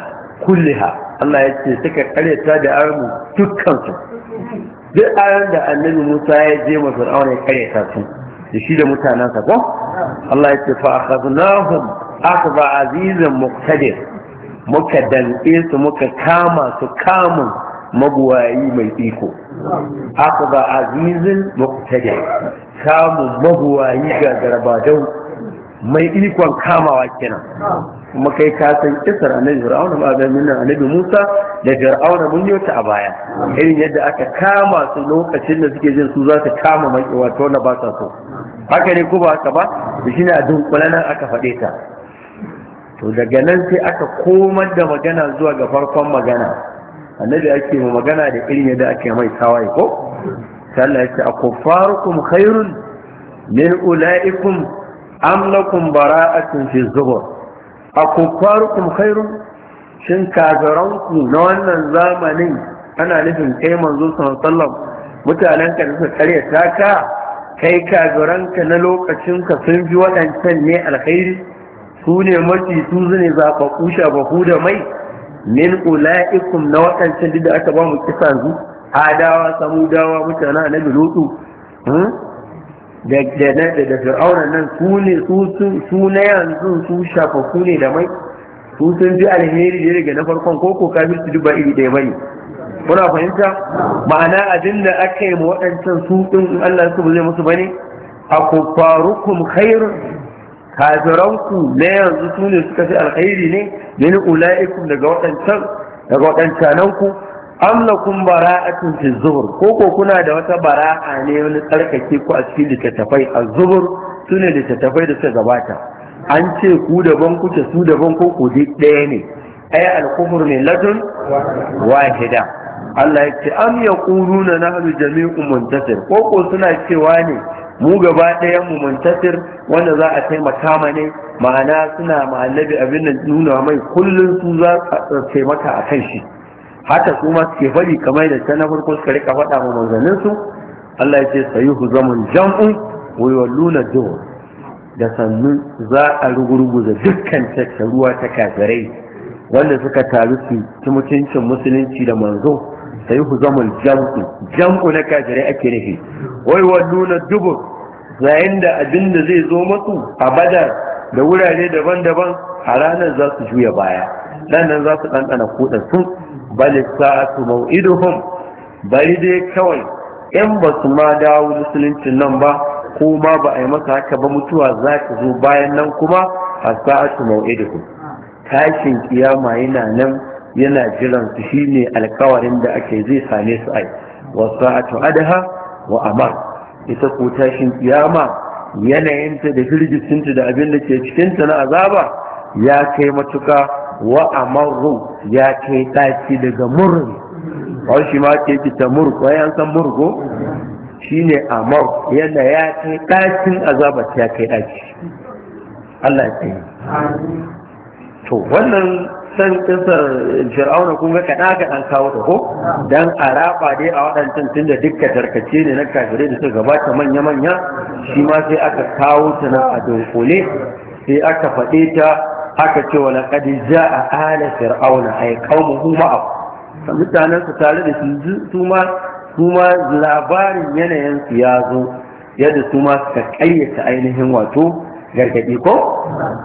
kulliha Allah ya ce suka karyata da armu su. duk ayan da annabi musa ya je ma fir'auna ya karyata su da shi da mutanensa ko Allah ya ce fa akhadnahum akhba azizan muqtadir muka danɗe su muka kama su kamun maguwayi mai iko haka ba azizin muktadi kamun maguwayi ga garbadau mai ikon kamawa kenan kuma kai ka san kisar annabi fir'auna ba ga minna annabi Musa da fir'auna mun yi ta a baya irin yadda aka kama su lokacin da suke jin su za su kama mai wato na ba sa so haka ne ko ba ka ba shi ne a dunkulanan aka faɗe ta to daga nan sai aka komar da magana zuwa ga farkon magana annabi ake ma magana da irin yadda ake mai tawaye ko sallah yake a kuffarukum khairun min ulaikum am lakum bara'atun fi zubur a kuffarukum khairun shin kazaranku na wannan zamanin ana nufin kai manzo sallallahu mutanen ka suka karyata ka kai kazaranka na lokacin ka sun fi waɗancan ne alkhairi su ne mafi su ne zaɓaɓɓu shafafu da mai min ula'ikum na waɗancan duk da aka ba mu kisa zu adawa samudawa mutane na hmm? da da da fir'auna nan su ne su na yanzu su shafafu ne da mai su sun fi alheri da daga na farkon koko kafin su duba iri ɗaya bane kuna fahimta ma'ana abin da aka yi waɗancan su ɗin Allah su ba zai musu bane a kufarukum khairun kafiranku na yanzu su ne suka fi alkhairi ne min ula'ikum daga waɗancan daga waɗancananku am bara'atun fi zubur ko ko kuna da wata bara'a ne wani tsarkake ku a cikin littattafai a zubur su ne littattafai da suka gabata an ce ku daban kuke su daban ko ku ɗaya ne ay alkufur ne ladun wahida Allah ya ce am yaquluna nahnu jami'un muntasir ko ko suna cewa ne mu gaba ɗayan mu muntasir wanda za a taimaka ma ne ma'ana suna ma'allabi abin da nuna mai kullum su za a taimaka a kan shi haka su ma suke faɗi kamar da ta na farko suka rika faɗa ma manzannin su Allah ya ce hu zaman jam'un wa walluna dubur da sannu za a rugurguza dukkan tattaruwa ta kafirai wanda suka taru su ci mutuncin musulunci da manzo sai huzamul jam'u jam'u na kafirai ake nufi wai nuna dubur yayin da abin da zai zo masu a badar da wurare daban-daban a ranar za su juya baya nan za su ɗanɗana kuɗa sun bali sa'atu mau'iduhum bari dai kawai in ba su ma dawo musuluncin nan ba ko ma ba a yi masa haka ba mutuwa za ta zo bayan nan kuma a sa'atu mau'iduhum tashin kiyama yana nan yana jiran su shine alkawarin da ake zai same su ai wa sa'atu adaha wa amar ita ko tashin kiyama yanayinta da firgicinta da abin da ke cikinta na azaba ya kai matuka wa amaru ya kai ɗaki daga murin wani shi ma ke fita murko ya san shine amar yana ya kai ɗakin azaba ya kai ɗaki Allah ya kai to wannan san kisar fir'auna kun ga kaɗa kawo ta ko dan a raba dai a waɗancan tun da dukka tarkace ne na kafire da suka gabata manya-manya shi ma sai aka kawo ta nan a dunkule sai aka faɗe ta aka ce wa laqad a ala fir'auna ay qaumuhu ma'a mutanen su tare da su ma su ma labarin yanayin su ya zo yadda su ma suka kayyata ainihin wato gargadi ko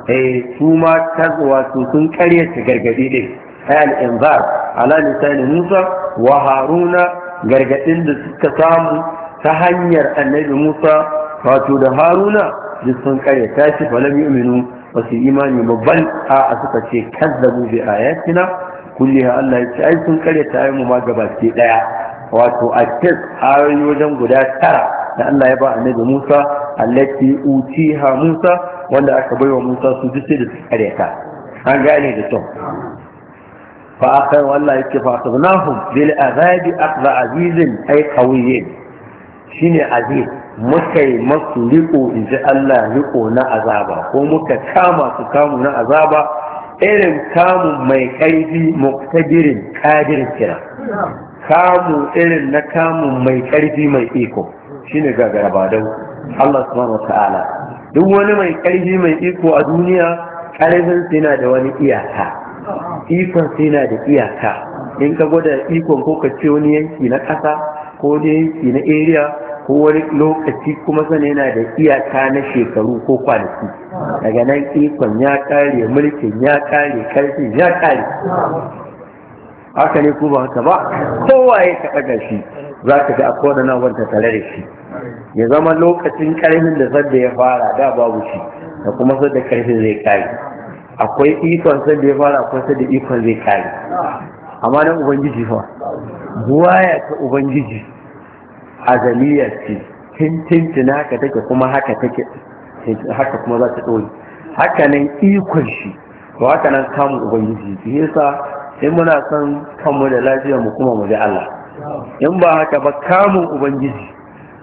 eh su ma tazuwa su sun karyata gargadi din ay al-inzar ala Musa wa Haruna gargadin da suka samu ta hanyar annabi Musa wato da Haruna duk sun ta shi fa lam yu'minu ba su imani ba bal a suka ce kazzabu bi ayatina kulliha Allah ya ce ai sun karyata ayyuka ma gabaki daya wato a cikin wajen guda tara da Allah ya ba annabi Musa allati utiha Musa wanda aka baiwa Musa su duk sai da su karyata an gane da to fa akhar wallahi yake fa sabnahum bil azabi aqra azizin ay qawiyyin shine aziz muka yi masu riko in ji Allah riko na azaba ko muka kama su kamu na azaba irin kamu mai ƙarfi muktadirin kadirin kira kamu irin na kamu mai ƙarfi mai iko shine gagarabadau Allah subhanahu wataala duk wani mai ƙarfi mai iko a duniya ƙarfin yana da wani iyaka ikon yana da iyaka in ka gwada ikon ko ka ce wani yanki na ƙasa ko wani yanki na area ko wani lokaci kuma sana yana da iyaka na shekaru ko kwanaki daga nan ikon ya ƙare mulkin ya ƙare ƙarfin ya ƙare haka ne ko ba haka ba kowa ya taɓa shi za ka ga akwai wani nan tare da shi ya zama lokacin karfin da sadda ya fara da babu shi da kuma sadda karfin zai kare akwai ikon sadda ya fara akwai sadda ikon zai kare amma nan ubangiji fa ya ta ubangiji a zaliyar ce tintintina haka take kuma haka take haka kuma za ta ɗori haka nan ikon shi to haka nan kamun ubangiji shi yasa sai muna son kanmu da lafiyar mu kuma mu ji Allah in ba haka ba kamun ubangiji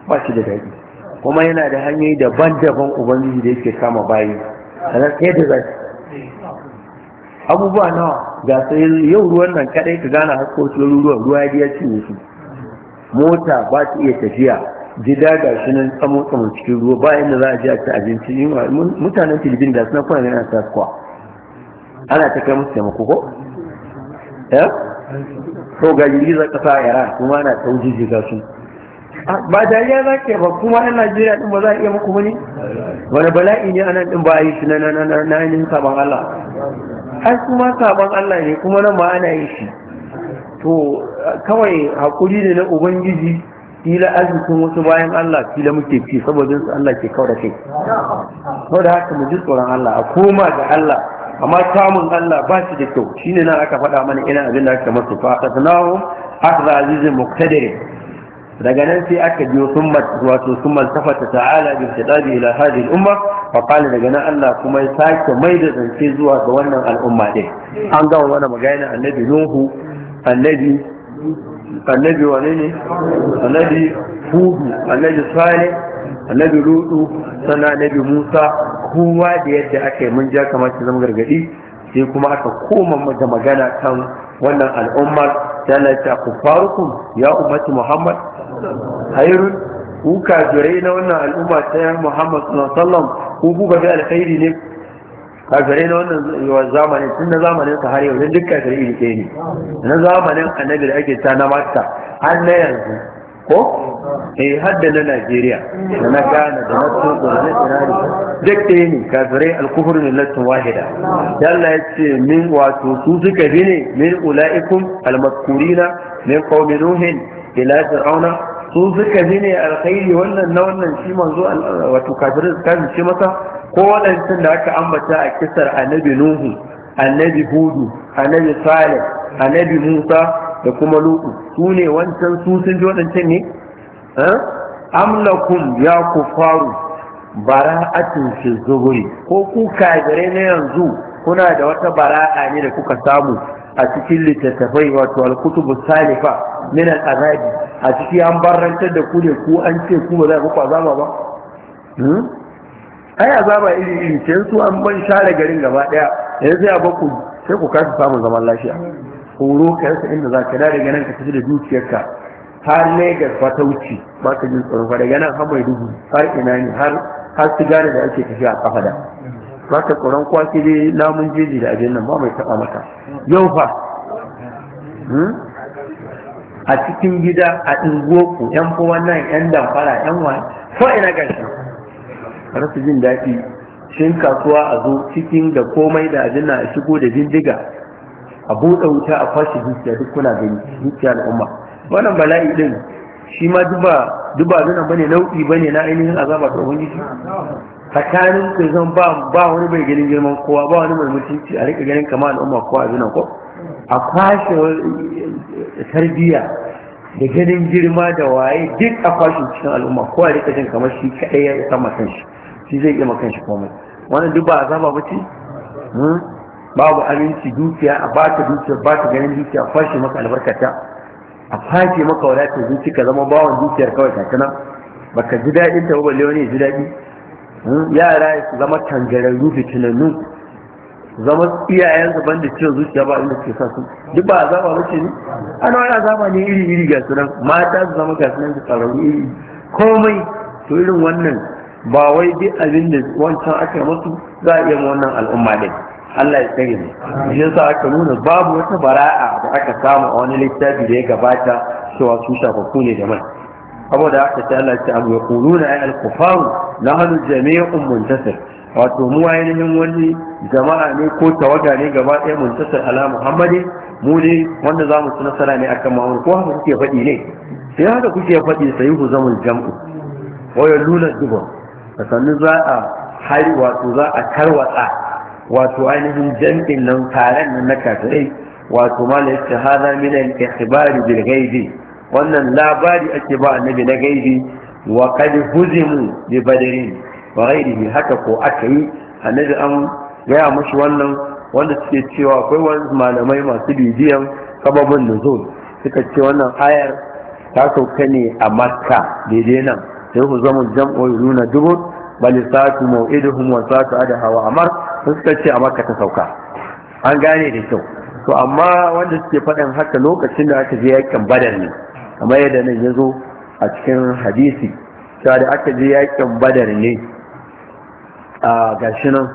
ba shi da daɗi kuma yana da hanyoyi daban-daban ubangiji da yake kama bayi sanar sai da zai abubuwa nawa ga sai yau ruwan nan kadai ka gana harkokin ruwan ruwa ya cinye su mota ba ta iya tafiya gida ga shi nan tsamo tsamo cikin ruwa bayan da za a je a ci abinci mutanen filibin da suna kwanan yana sa ana ta kai musu taimako ko? Eh? to ga girgizar kasa iran kuma na taujijjiga su ba dariya za ke ba kuma na najeriya din ba za a iya muku wani wani bala'i ne anan din ba a yi shi na yin sabon allah ai kuma sabon allah ne kuma nan ma ana yi shi to kawai hakuri ne na ubangiji kila arzikin wasu bayan allah kila muke ci saboda su allah ke da kai saboda haka mu ji tsoron allah a koma ga allah amma kamun Allah ba shi da kyau shine nan aka faɗa mana ina abin da aka masu fa qasnahu akhra azizin muqtadir daga nan sai aka biyo summa wato summa tafata ta'ala bi shadabi ila hadhihi al-umma fa qala daga nan Allah kuma ya sake mai da zance zuwa ga wannan al'umma din an ga wannan magana annabi nuhu annabi annabi wane ne annabi hudu annabi salih annabi rudu sannan annabi musa kowa da yadda aka yi mun ja kamar su zama gargadi sai kuma aka koma da magana kan wannan al'ummar sai ta kufarukum ya umarci muhammad hayrun ku kafirai na wannan al'umma ta muhammad sallallahu alaihi wasallam ku ku alkhairi ne kafirai na wannan zamani tun na zamanin ka har yau duk kafirai ne na zamanin annabi da ake ta na makka har na yanzu ko eh hadda na Najeriya da na Ghana da na Togo da na Irani duk ɗaya ne kafirai alkufur millatin wahida Yalla ya ce min wato su suka bi ne min ulaikum almaskurina min qaumi nuhin ila fir'auna su suka bi ne alkhairi wannan na wannan shi manzo wato kafirai suka masa ko waɗancan da aka ambata a kisar annabi nuhu annabi hudu annabi salih annabi musa da kuma lutu su ne wancan su sun ji waɗancan ne amlakum ya kufaru bara'atin fi zuburi ko ku kafirai na yanzu kuna da wata bara'a ne da kuka samu a cikin littattafai wato alkutubu salifa min al'azabi a ciki an barrantar da ku ne ku an ce ku ba za ku azaba ba hmm? ai azaba iri iri ce su an ban share garin gaba daya yanzu ya ba ku sai ku kasa samun zaman lafiya horo ka yasa inda za ka da ganin ka tafi da dukiyarka har Legas ba ta wuce ba ka jin tsoron da ganin har mai dubu har ina ne har har sigari da ake tafiya a kafa da ba ka tsoron kwaki dai lamun jeji da abin nan ba mai taba maka yau fa hmm? a cikin gida a ɗingoku yan kowa nan yan damfara yan wani ko ina gashi rasu jin daɗi shin kasuwa a zo cikin da komai da abin na shigo da bindiga a buɗe wuta a kwashe zuciya duk kuna gani zuciya al'umma wannan bala'i din shi ma duba duba nuna bane nau'i bane na ainihin azaba da ubangiji tsakanin ku zan ba ba wani bai ganin girman kowa ba wani mai mutunci a rika ganin kama al'umma kowa zuna ko a kwashe eh, tarbiyya da ganin girma da waye duk a kwashe cikin al'umma kowa rika jin kamar shi kaɗai ya sama kanshi shi zai iya makanshi komai wannan duba azaba ba ce hmm? babu aminci dukiya a ba ta dukiya ba ta ganin dukiya fashe maka albarkata a fashe maka wadatar zuci ka zama bawan dukiyar kawai ta kana baka ji daɗin ta balle wani ya ji daɗi hmm, yara su zama tangararru fitinannu zama iyayensu banda ciwon zuciya ba inda ke sa su duk ba a zaba ba ce ne ana wani azaba ne iri iri ga su nan mata su zama ga su nan su tsararru iri komai to irin wannan ba wai duk abin da wancan aka masu za a iya wannan al'umma ɗaya. Allah ya tsare mu shi yasa aka nuna babu wata bara'a da aka samu a wani littafi da ya gabata cewa su shafafu ne da mai saboda haka ce Allah ya ce am yaquluna ay al kufaru nahnu jami'un muntasir wato mu ainihin wani jama'a ne ko tawaga ne gaba ɗaya muntasir ala muhammadi mu ne wanda za mu ci nasara ne akan ma'amur ko haka kuke faɗi ne sai haka kuke faɗi sai ku zama jam'u wa yalluna dubur sannan za a hari wato za a karwatsa wato ainihin jam'in nan taron nan na kafirai wato mala yace hada min al-ikhbar bil ghaibi wannan labari ake ba annabi na gaibi wa qad huzimu bi badrin wa ghairihi haka ko aka yi annabi an gaya mashi wannan wanda suke cewa akwai wani malamai masu bidiyan sababin nuzul suka ce wannan ayar ta sauka ne a makka daidai nan sai ku zama jam'o nuna dubu bal mau'idu mau'iduhum wa sa'atu adaha wa amar suka ce a maka ta sauka an gane da kyau to amma wanda suke faɗin haka lokacin da aka je yakin badar ne amma yadda nan ya zo a cikin hadisi cewa da aka je yakin badar ne a gashi nan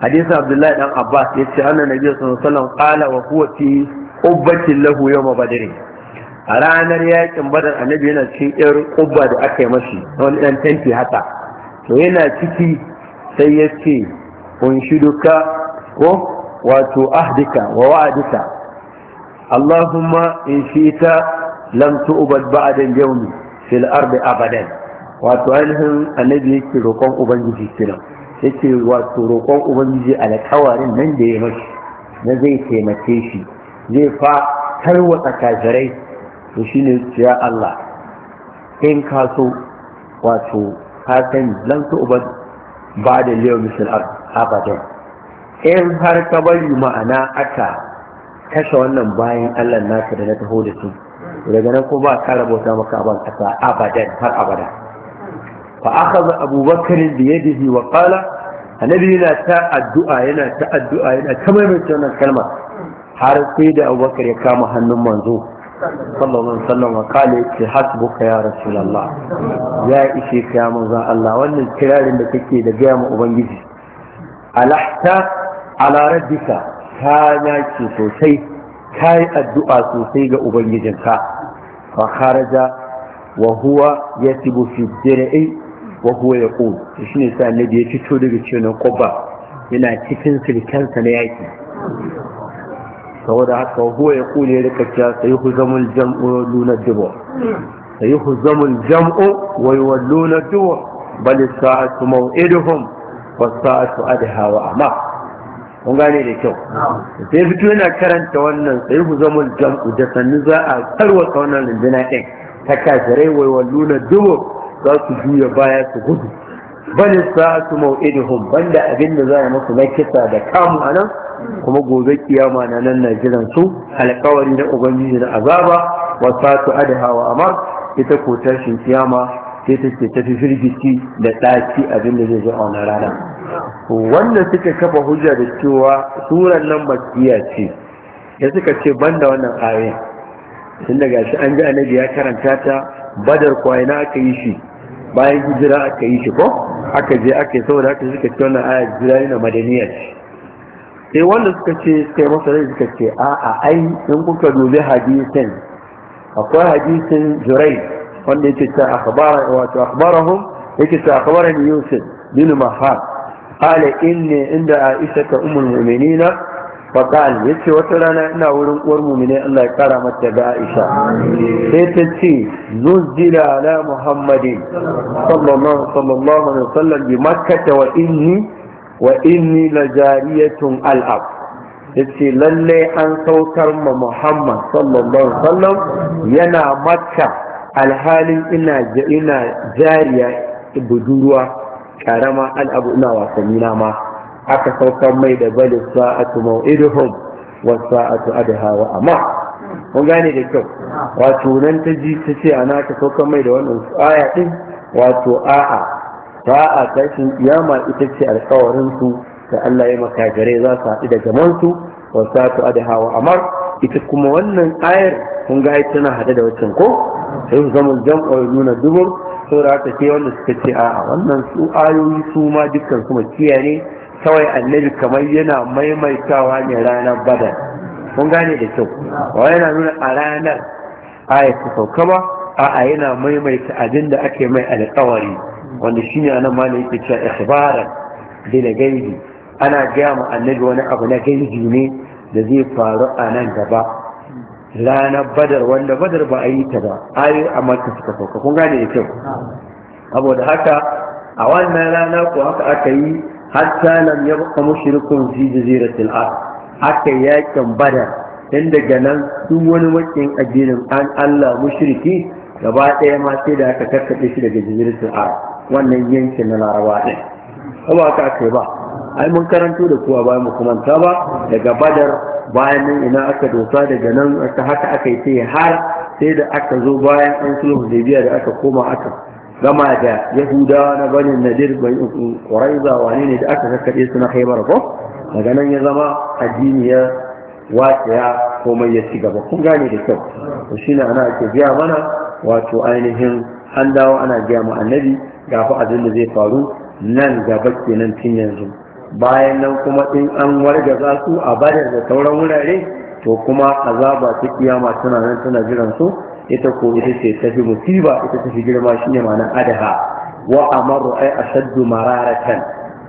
hadisin abdullahi dan abbas ya ce annan nabi sallallahu alaihi wasallam wa huwa fi ubbatin lahu yawma badr a ranar yakin badar annabi yana cikin yar kubba da aka yi mashi wani dan tanti haka to yana ciki sai ya ce unshiduka ko wato ahdika wa wa'adika Allahumma in shita lam tu'bad ba'da yawmi fil ardi abadan wato ainihin annabi yake roƙon ubangiji kiran yake wato roƙon ubangiji alƙawarin nan da ya mashi na zai taimake shi zai fa tarwatsa kafirai to shine ya Allah in ka so wato ka sani lam tu'bad ba'da yawmi fil ardi abadan in har ka bari ma'ana aka kashe wannan bayan allah naka da na taho da su daga nan ko ba ka rabota maka aban kasa abadan har abada fa akhadha abubakar bi yadihi wa qala annabi yana ta addu'a yana ta addu'a yana ta maimaita wannan kalma har sai da abubakar ya kama hannun manzo sallallahu alaihi wasallam wa qala ya hasbuka ya rasulullah ya ishe ka manzo Allah wannan kirarin da kake da gaya ma ubangiji alahta ala rabbika ka yaki sosai ka yi addu'a sosai ga ubangijinka fa kharaja wa huwa yatibu fi dir'i wa huwa yaqul shine sai annabi ya fito daga na ƙoba yana cikin silkensa na yaki saboda haka huwa ya kule ya rika cewa sai ku zama jam’o luna dubo sai zama jam’o jam'u wa yuwalluna dubo bal sa'atu maw'iduhum wasa'atu adha wa amma kun gane da kyau sai fito yana karanta wannan sai ku zama jam'u da sannu za a tarwata wannan rundunar ɗin ta kafirai wai walluna dubo za su juya baya su gudu bal sa'atu maw'iduhum banda abin da za a musu na kisa da kamu anan kuma gobe kiyama na nan na jiran su alƙawari na ubangiji na azaba wa sa'atu adha wa amar ita ko tashin kiyama sai take tafi firgici da ɗaci abin da zai zo a wannan rana wanda suka kafa hujja da cewa suran nan makiya ce ya suka ce banda wannan ayoyin tun da gashi an ji annabi ya karanta ta badar kwaina aka yi shi bayan hijira aka yi shi ko aka je aka yi saboda aka suka ce wannan aya hijira ne madaniya ce sai wanda suka ce sai masa rai suka ce a a ai in kuka dubi hadisin akwai hadisin jurai wanda yake ta akhbara wato akhbarahum yake ta akhbarani yusuf bin mahfaz qala inni inda aisha ta ummul mu'minina fa qala yace wata rana ina wurin uwar mu'mine Allah ya kara mata da aisha sai ta ce nuzila ala muhammadin sallallahu sallallahu wa inni yace lalle an saukar ma muhammad sallallahu alaihi wasallam yana makka alhalin ina ina jariya budurwa karama an abu ina wasanni na ma aka saukan mai da bali sa'atu mau'iduhum wa sa'atu adha wa amma mun gane da kyau wato nan ta ji ta ce ana ka saukan mai da wannan aya din wato a'a sa'a tashin kiyama ita ce alƙawarin su da Allah ya maka gare za su haɗu da gaman su wa sa'atu adha wa amar ita kuma wannan ayar kun ga tana hada da wancan ko sai zaman jam'a nuna dubur saboda haka sai wanda suka ce a'a wannan su ayoyi su ma dukkan su makiya ne kawai annabi kamar yana maimaitawa ne ranar badar kun gane da kyau ba yana nuna a ranar aya ta sauka ba a'a yana maimaita abin da ake mai alkawari wanda shi ne anan ma ne yake cewa ikhbaran bila gaibi ana gaya ma annabi wani abu na gaibi ne da zai faru a nan gaba ranar badar wanda badar ba a yi ta ba ayoyi a makka suka sauka kun gane da kyau da haka a wannan rana ko haka aka yi hatta lam yabqa mushrikun fi jaziratil arab aka yakin badar inda daga nan duk wani wakin addinin an Allah mushriki gaba ɗaya ma sai da aka karkace shi daga jaziratul arab wannan yankin na laraba ɗin ba haka aka yi ba ai mun karanto da kuwa ba mu kumanta ba daga badar bayan nan ina aka dosa daga nan ta haka aka yi sai har sai da aka zo bayan an sulhu hudaybiya da aka koma aka gama da yahuda na bani nadir bai quraiza wani ne da aka kakkaɗe su na khaybar ko daga nan ya zama addini ya ya komai ya ci gaba kun gane da kyau to ne ana ake biya mana wato ainihin an dawo ana biya mu annabi ga fa abin da zai faru nan gaba kenan tun yanzu bayan nan kuma in an warga za su a bayar da sauran wurare to kuma azaba ta kiyama tana nan tana jiran su ita ko ita ce ta tafi musiba ita ta fi girma shi ne ma'anar adaha wa amaru a ashaddu mararatan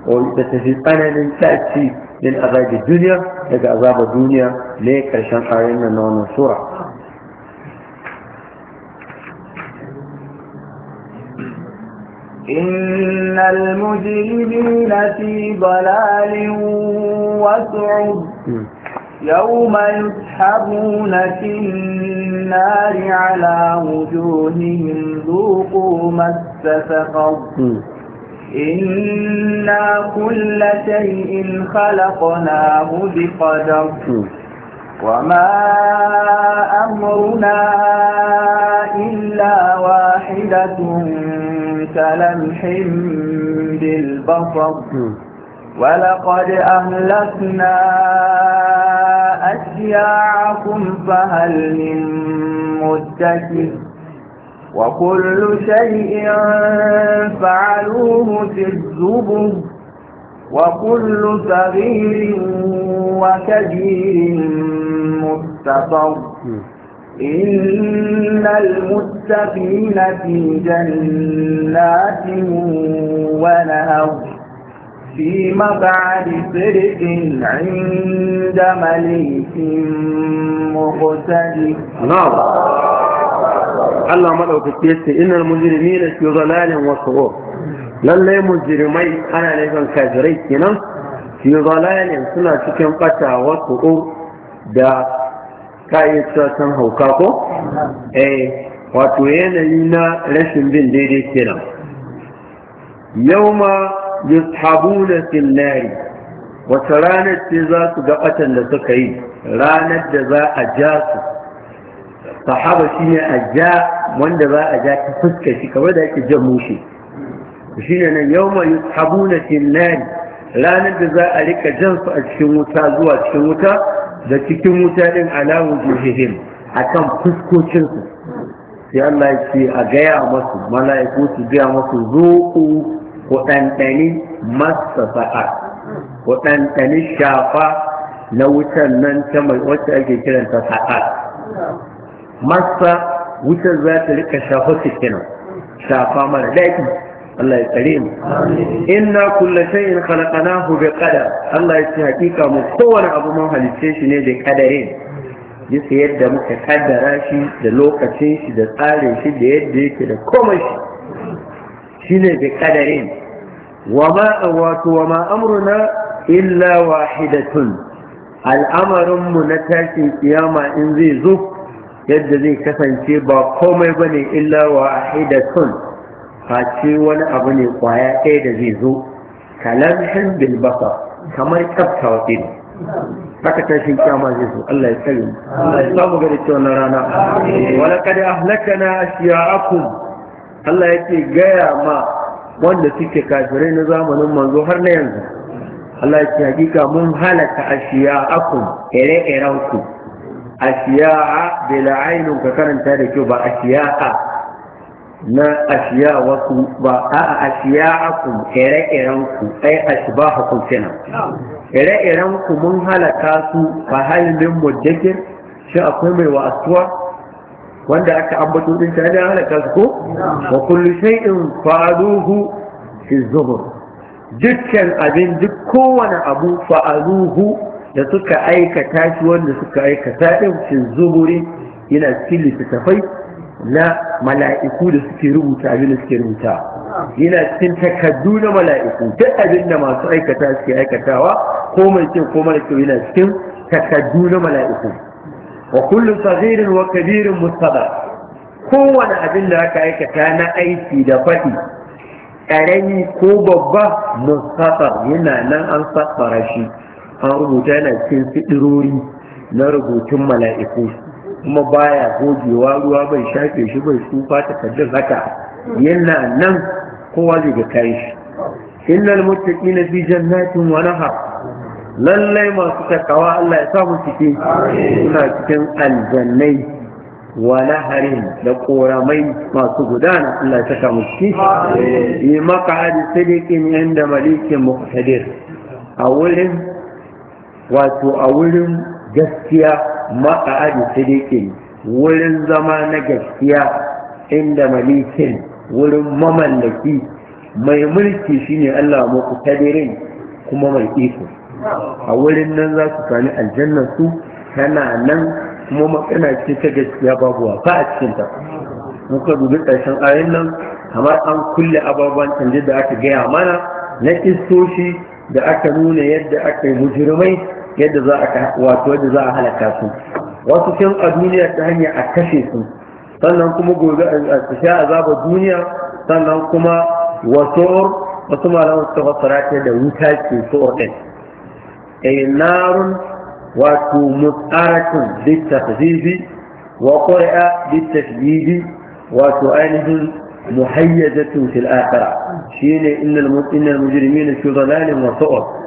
ko ita ta fi tsananin taci a azabi duniya daga azaba duniya ne karshen ayoyin nan na wannan sura إن المجرمين في ضلال وسعب يوم يسحبون في النار على وجوههم ذوقوا مس سقر إنا كل شيء خلقناه بقدر وما أمرنا إلا واحدة كلمح بالبصر ولقد أهلكنا أشياعكم فهل من مدكر وكل شيء فعلوه في الزبر وكل صغير وكبير مستقر إن المتقين في جنات ونهر في مبعد صدق عند مليك مقتدر نعم الله مدعوك يسي إن المجرمين في ظلال وسرور lallai mujrimai ana nufin kafirai kenan fi da ka san hauka ko eh wato yanayi na rashin bin daidai kenan yauma yushabuna fil nari wata ranar ce za su ga batan da suka yi ranar da za a ja su sahaba shi ne a ja wanda za a ja ta fuska shi kamar da yake jan mushi ne nan yauma yushabuna fil nari ranar da za a rika jan su a cikin wuta zuwa cikin wuta da cikin wuta ɗin ala wujuhihim akan fuskocin su sai Allah ya ce a gaya masu mala'iku su gaya masu zoku ku ɗanɗani masa sa'a ku ɗanɗani shafa na wutan nan ta mai wacce ake kiranta sa'a masa wutar za ta rika shafa su kenan shafa mara daɗi Allah ya tsare mu inna kullu shay'in khalaqnahu bi qadar Allah ya ce hakika mu kowane abu mun halice shi ne da kadarin bisa yadda muka kaddara shi da lokacin shi da tsarin shi da yadda yake da komai shi ne bi qadarin wa ma wato wa ma amruna illa wahidatun al'amarin mu na tashin kiyama in zai zo yadda zai kasance ba komai bane illa wahidatun face wani abu ne kwaya ɗaya da zai zo kalamhin bilbasa kamar tsabta wa ido haka tashin kyama zai zo Allah ya tsari Allah ya samu gari cewa na rana Wani wala na ahlakana ashiya'akum Allah ya ce gaya ma wanda suke kafirai na zamanin manzo har na yanzu Allah ya ce hakika mun halaka ashiya'akum ere irenku ashiya bila ainun ka karanta da kyau ba ashiya'a na ashiya wasu ba a ashiya akum ire-iren ku ai ashbahu kun ire-iren ku mun halaka su fa hal min shi akwai mai wa'asuwa wanda aka ambato din ta da halaka su ko wa kullu shay'in fa'aluhu fi zubur dukkan abin duk kowane abu fa'ruhu da suka aikata shi wanda suka aikata din fi zuburi yana cikin littattafai na mala'iku da suke rubuta abin da suke rubuta yana cikin takaddu na mala'iku duk abin da masu aikata suke aikatawa ko mai kyau ko mara kyau yana cikin takaddu na mala'iku wa kullum saghirin wa kabirin mustaqar kowane abin da aka aikata na aiki da faɗi ƙarami ko babba mustaqar yana nan an sassara shi an rubuta yana cikin fiɗirori na rubutun mala'iku kuma baya gogewa ruwa bai shafe shi bai tsufa takardar haka yana nan kowa zai ga kayan shi innal muttaqina fi jannatin wa nahar lallai masu takawa Allah ya samu cike suna cikin aljannai wa laharin da koramai masu gudana Allah ya saka mu ciki yi maka hadin sadiqin inda malikin muqtadir a wato a wurin gaskiya maadi sidiqin wurin zama na gaskiya inda malikin wurin mamallaki mai mulki shine Allah muqtadirin kuma mai iko a wurin nan za su sami aljanna su tana nan kuma magana ce ta gaskiya babu wafa a cikin ta muka dubi ƙarshen ayin nan kamar an kulle ababen canje da aka gaya mana na istoshi da aka nuna yadda aka yi mujirmai yadda za a wato yadda za a halaka su wasu can a duniya ta hanya a kashe su sannan kuma gobe a sha azabar duniya sannan kuma wasu wasu malaman su fassara ta da wuta ke su su'ur din ay eh, narun wato mutsaratun bitahzibi wa qur'a bitashbibi wato ainihin muhayyadatu fil shi ne innal mu'minina mujrimina fi dhalalin wa su'ur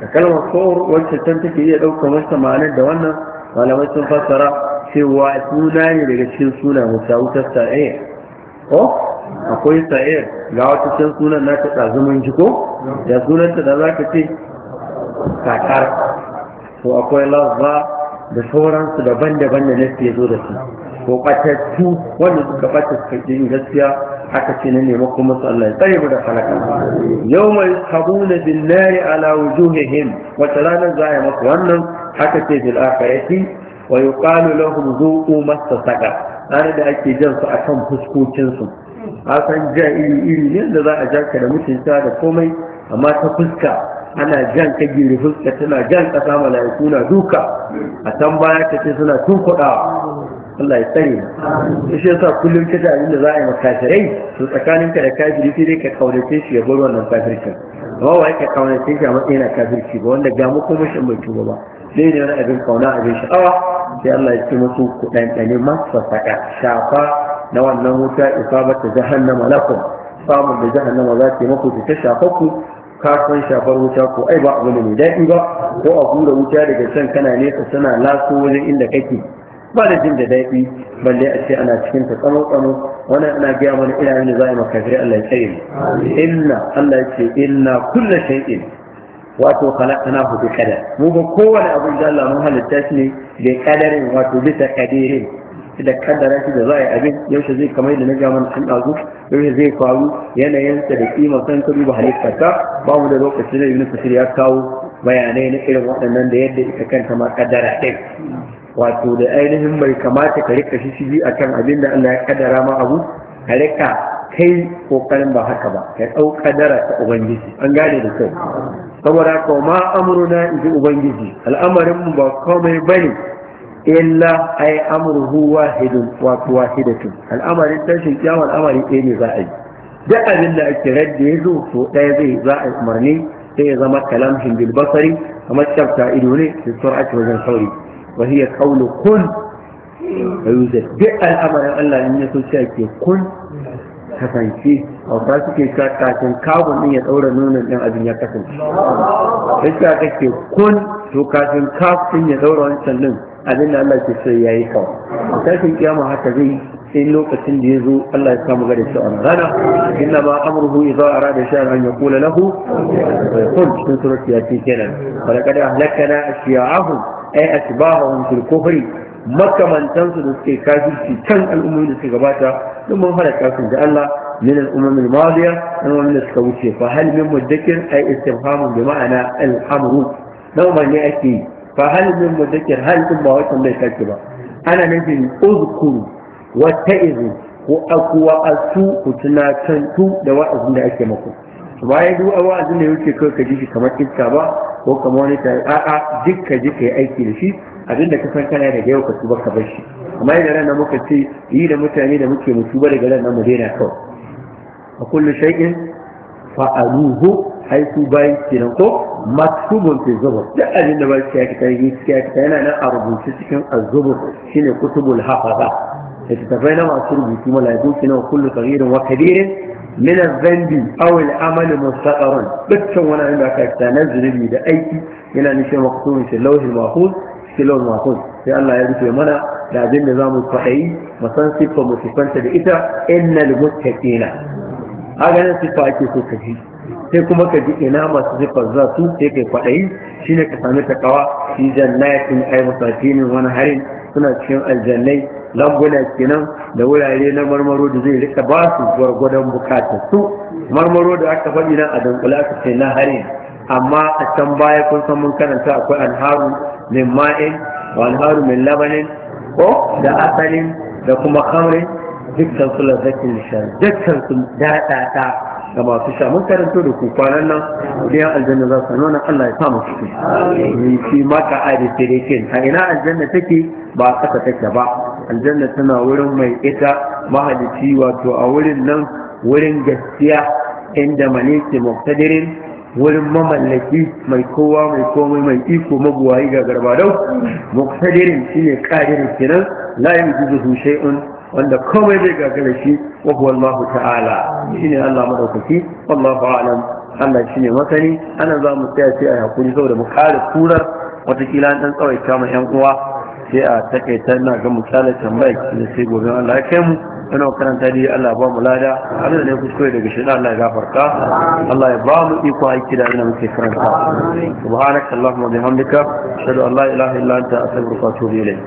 da kalmar kowar wacce can take iya ɗaukar wasu ma'anar da wannan malamai sun fassara cewa suna ne daga cikin suna musa wutar sa'ir ko akwai sa'ir ga wata can sunan na ta mun jiko da sunanta da za ka ce kakar to akwai lazza da sauransu daban-daban da nasi ya zo da su to batattu wanda suka bata suka yin gaskiya aka ce na nema kuma su Allah ya tsare mu da halaka yau mai habuna bin nari ala wujuhihim wata ranar za a yi masa wannan Haka ce bil akhirati wa yuqalu lahum zuqu mastasaqa ranar da ake jan su akan fuskokin su san ja iri iri ne da za a ja ka da mutunta da komai amma ta fuska ana jan ka giri fuska tana jan kasa mala'iku na duka a can baya ce suna tunkuɗawa Allah ya tsare mu shi yasa kullum ka ji abin da za a yi ma kafirai tsakanin ka da kafiri sai dai ka kaunace shi ya bar wannan kafirci amma wai ka kaunace shi a matsayin na kafirci ba wanda ga mu ko mushin bai tuba ba sai ne wani abin kauna abin sha'awa sai Allah ya ce musu ku ɗanɗane masu saka shafa na wannan wuta isabata jahannama lakum samun da jahannama za ta yi muku ta shafa ku kafin shafar wuta ko ai ba abu ne mai daɗi ba ko a hura wuta daga can kana nesa tana laso wajen inda kake ba da jin da daɗi balle a ce ana cikin ta tsamo tsamo wannan ana gaya mana ina yin a maka kafiri Allah ya mu inna Allah ya ce inna kullu shay'in wato khalaqnahu bi qadar mu ga kowane abu da Allah mun halitta shi ne da kadarin wato bisa kadirin da kaddara shi da za a abin yaushe zai kamar da na ga mana an dazu yaushe zai faru yanayinsa da kima san ka duba halittarsa ba mu da lokacin da Yunus ya kawo bayanai na irin waɗannan da yadda ita kanta ma kaddara ɗin wato da ainihin mai kamata ka rika shi shigi a kan abin da Allah ya kaddara ma abu ka rika kai kokarin ba haka ba ka ɗau kaddara ta ubangiji an gane da kyau saboda haka ma amruna inji ubangiji al'amarin mu ba komai bane illa ai amruhu wahidun wa wahidatun al'amarin tashin kiyama amari ɗaya ne za a yi duk abin da ake radda ya zo to ɗaya zai za a umarni sai ya zama kalamhin bil basari kamar tsafta ido ne da sur'ati wajen sauri وهي قول كن فيوجد بئ الامر الا ان تشاك كن كفنشي او باسكي كاكا كن كابو من يدور نون الدم ابن يكتن فيسا كتن كن تو كاكن كاف من يدور عن سلم ادن الله تشري يا ايكو تاكن كياما حتى زي إن لو قتل يزو الله يسلم غير سؤال غنى إنما أمره إذا أراد شيئا أن يقول له ويقول من سورة ياتي كنا ولقد أهلكنا أشياعهم ai asbahum fil kufri makamantan su da suke kafirci kan al'ummomin da suka gabata duk mun fara kafin da Allah min al'ummomin al-madiya an da suka wuce fa hal min mudakkir ay istifhamun bi ma'ana al-amru dan ne ake fa hal min mudakkir hal din ba wata bai kake ba ana nufin uzkuru wa ta'izu ko akwa asu ku da wa'azin da ake maku bayan duk a wa'azin da ya wuce kawai ka ji shi kamar iska ba ko kamar wani ta a'a duk ka ji yi aiki da shi abin da ka san kana da yau ka tuba ka bar shi amma yadda ran nan muka ce yi da mutane da muke mutu ba daga ran nan mu daina kawai a kullu shay'in fa'aluhu haiku bayan kenan ko maktubun fi zubur duk abin da ba shi ya kita yi ya yana nan a rubuce cikin azubur shine kutubul hafaza littattafai na masu rubutu mala'iku kenan kullu saghirin wa kabirin min zambi aw amalin amal mustaqarrun dukkan wani abin da aka yi na zunubi da aiki yana nufin maktubin lauhin mahfuz shi lauhin mahfuz sai Allah ya rufe mana da abin da zamu faɗi mu san siffa mu siffanta da ita innal muttaqina haka nan siffa ake so ka ji sai kuma ka ji ina masu siffar za su sai kai faɗayi shine ka sami takawa fi jannatin ay musafinin wani harin suna cikin aljannai lambuna kenan da wurare na marmaro da zai rika ba su gwargwadon bukatar su marmaro da aka faɗi na a dunkula su ce na hari. amma a can baya kun san mun karanta akwai alharu min ma'in wa alharu min labanin ko da asalin da kuma kamrin dukkan su lazzakin shan dukkan su daɗaɗa da masu sha mun karanto da ku kwanan nan biyan aljanna za su nuna Allah ya sa mu ciki ni shi maka ari da sirikin a ina aljanna take ba kasa take ba aljanna tana wurin mai ita mahalici wato a wurin nan wurin gaskiya inda maliki muqtadirin wurin mamallaki mai kowa mai komai mai iko mabuwayi ga garbadau muqtadirin shine qadirin kenan la yujizu shay'un wanda komai zai gagara shi wa huwa Allah ta'ala shine Allah madaukaki wallahu a'lam Allah shine masani ana za mu tsaya sai a hakuri saboda mu kare kurar watakila an dan tsawaita ma yan uwa sai a takaita na ga misali tambaya da sai gobe Allah ya kai mu ina karanta dai Allah ba mu lada abin da ne kuskure daga shi Allah ya gafarta Allah ya ba mu iko aiki da ina muke karanta subhanaka allahumma bihamdika ashhadu an la ilaha illa anta astaghfiruka wa atubu ilayk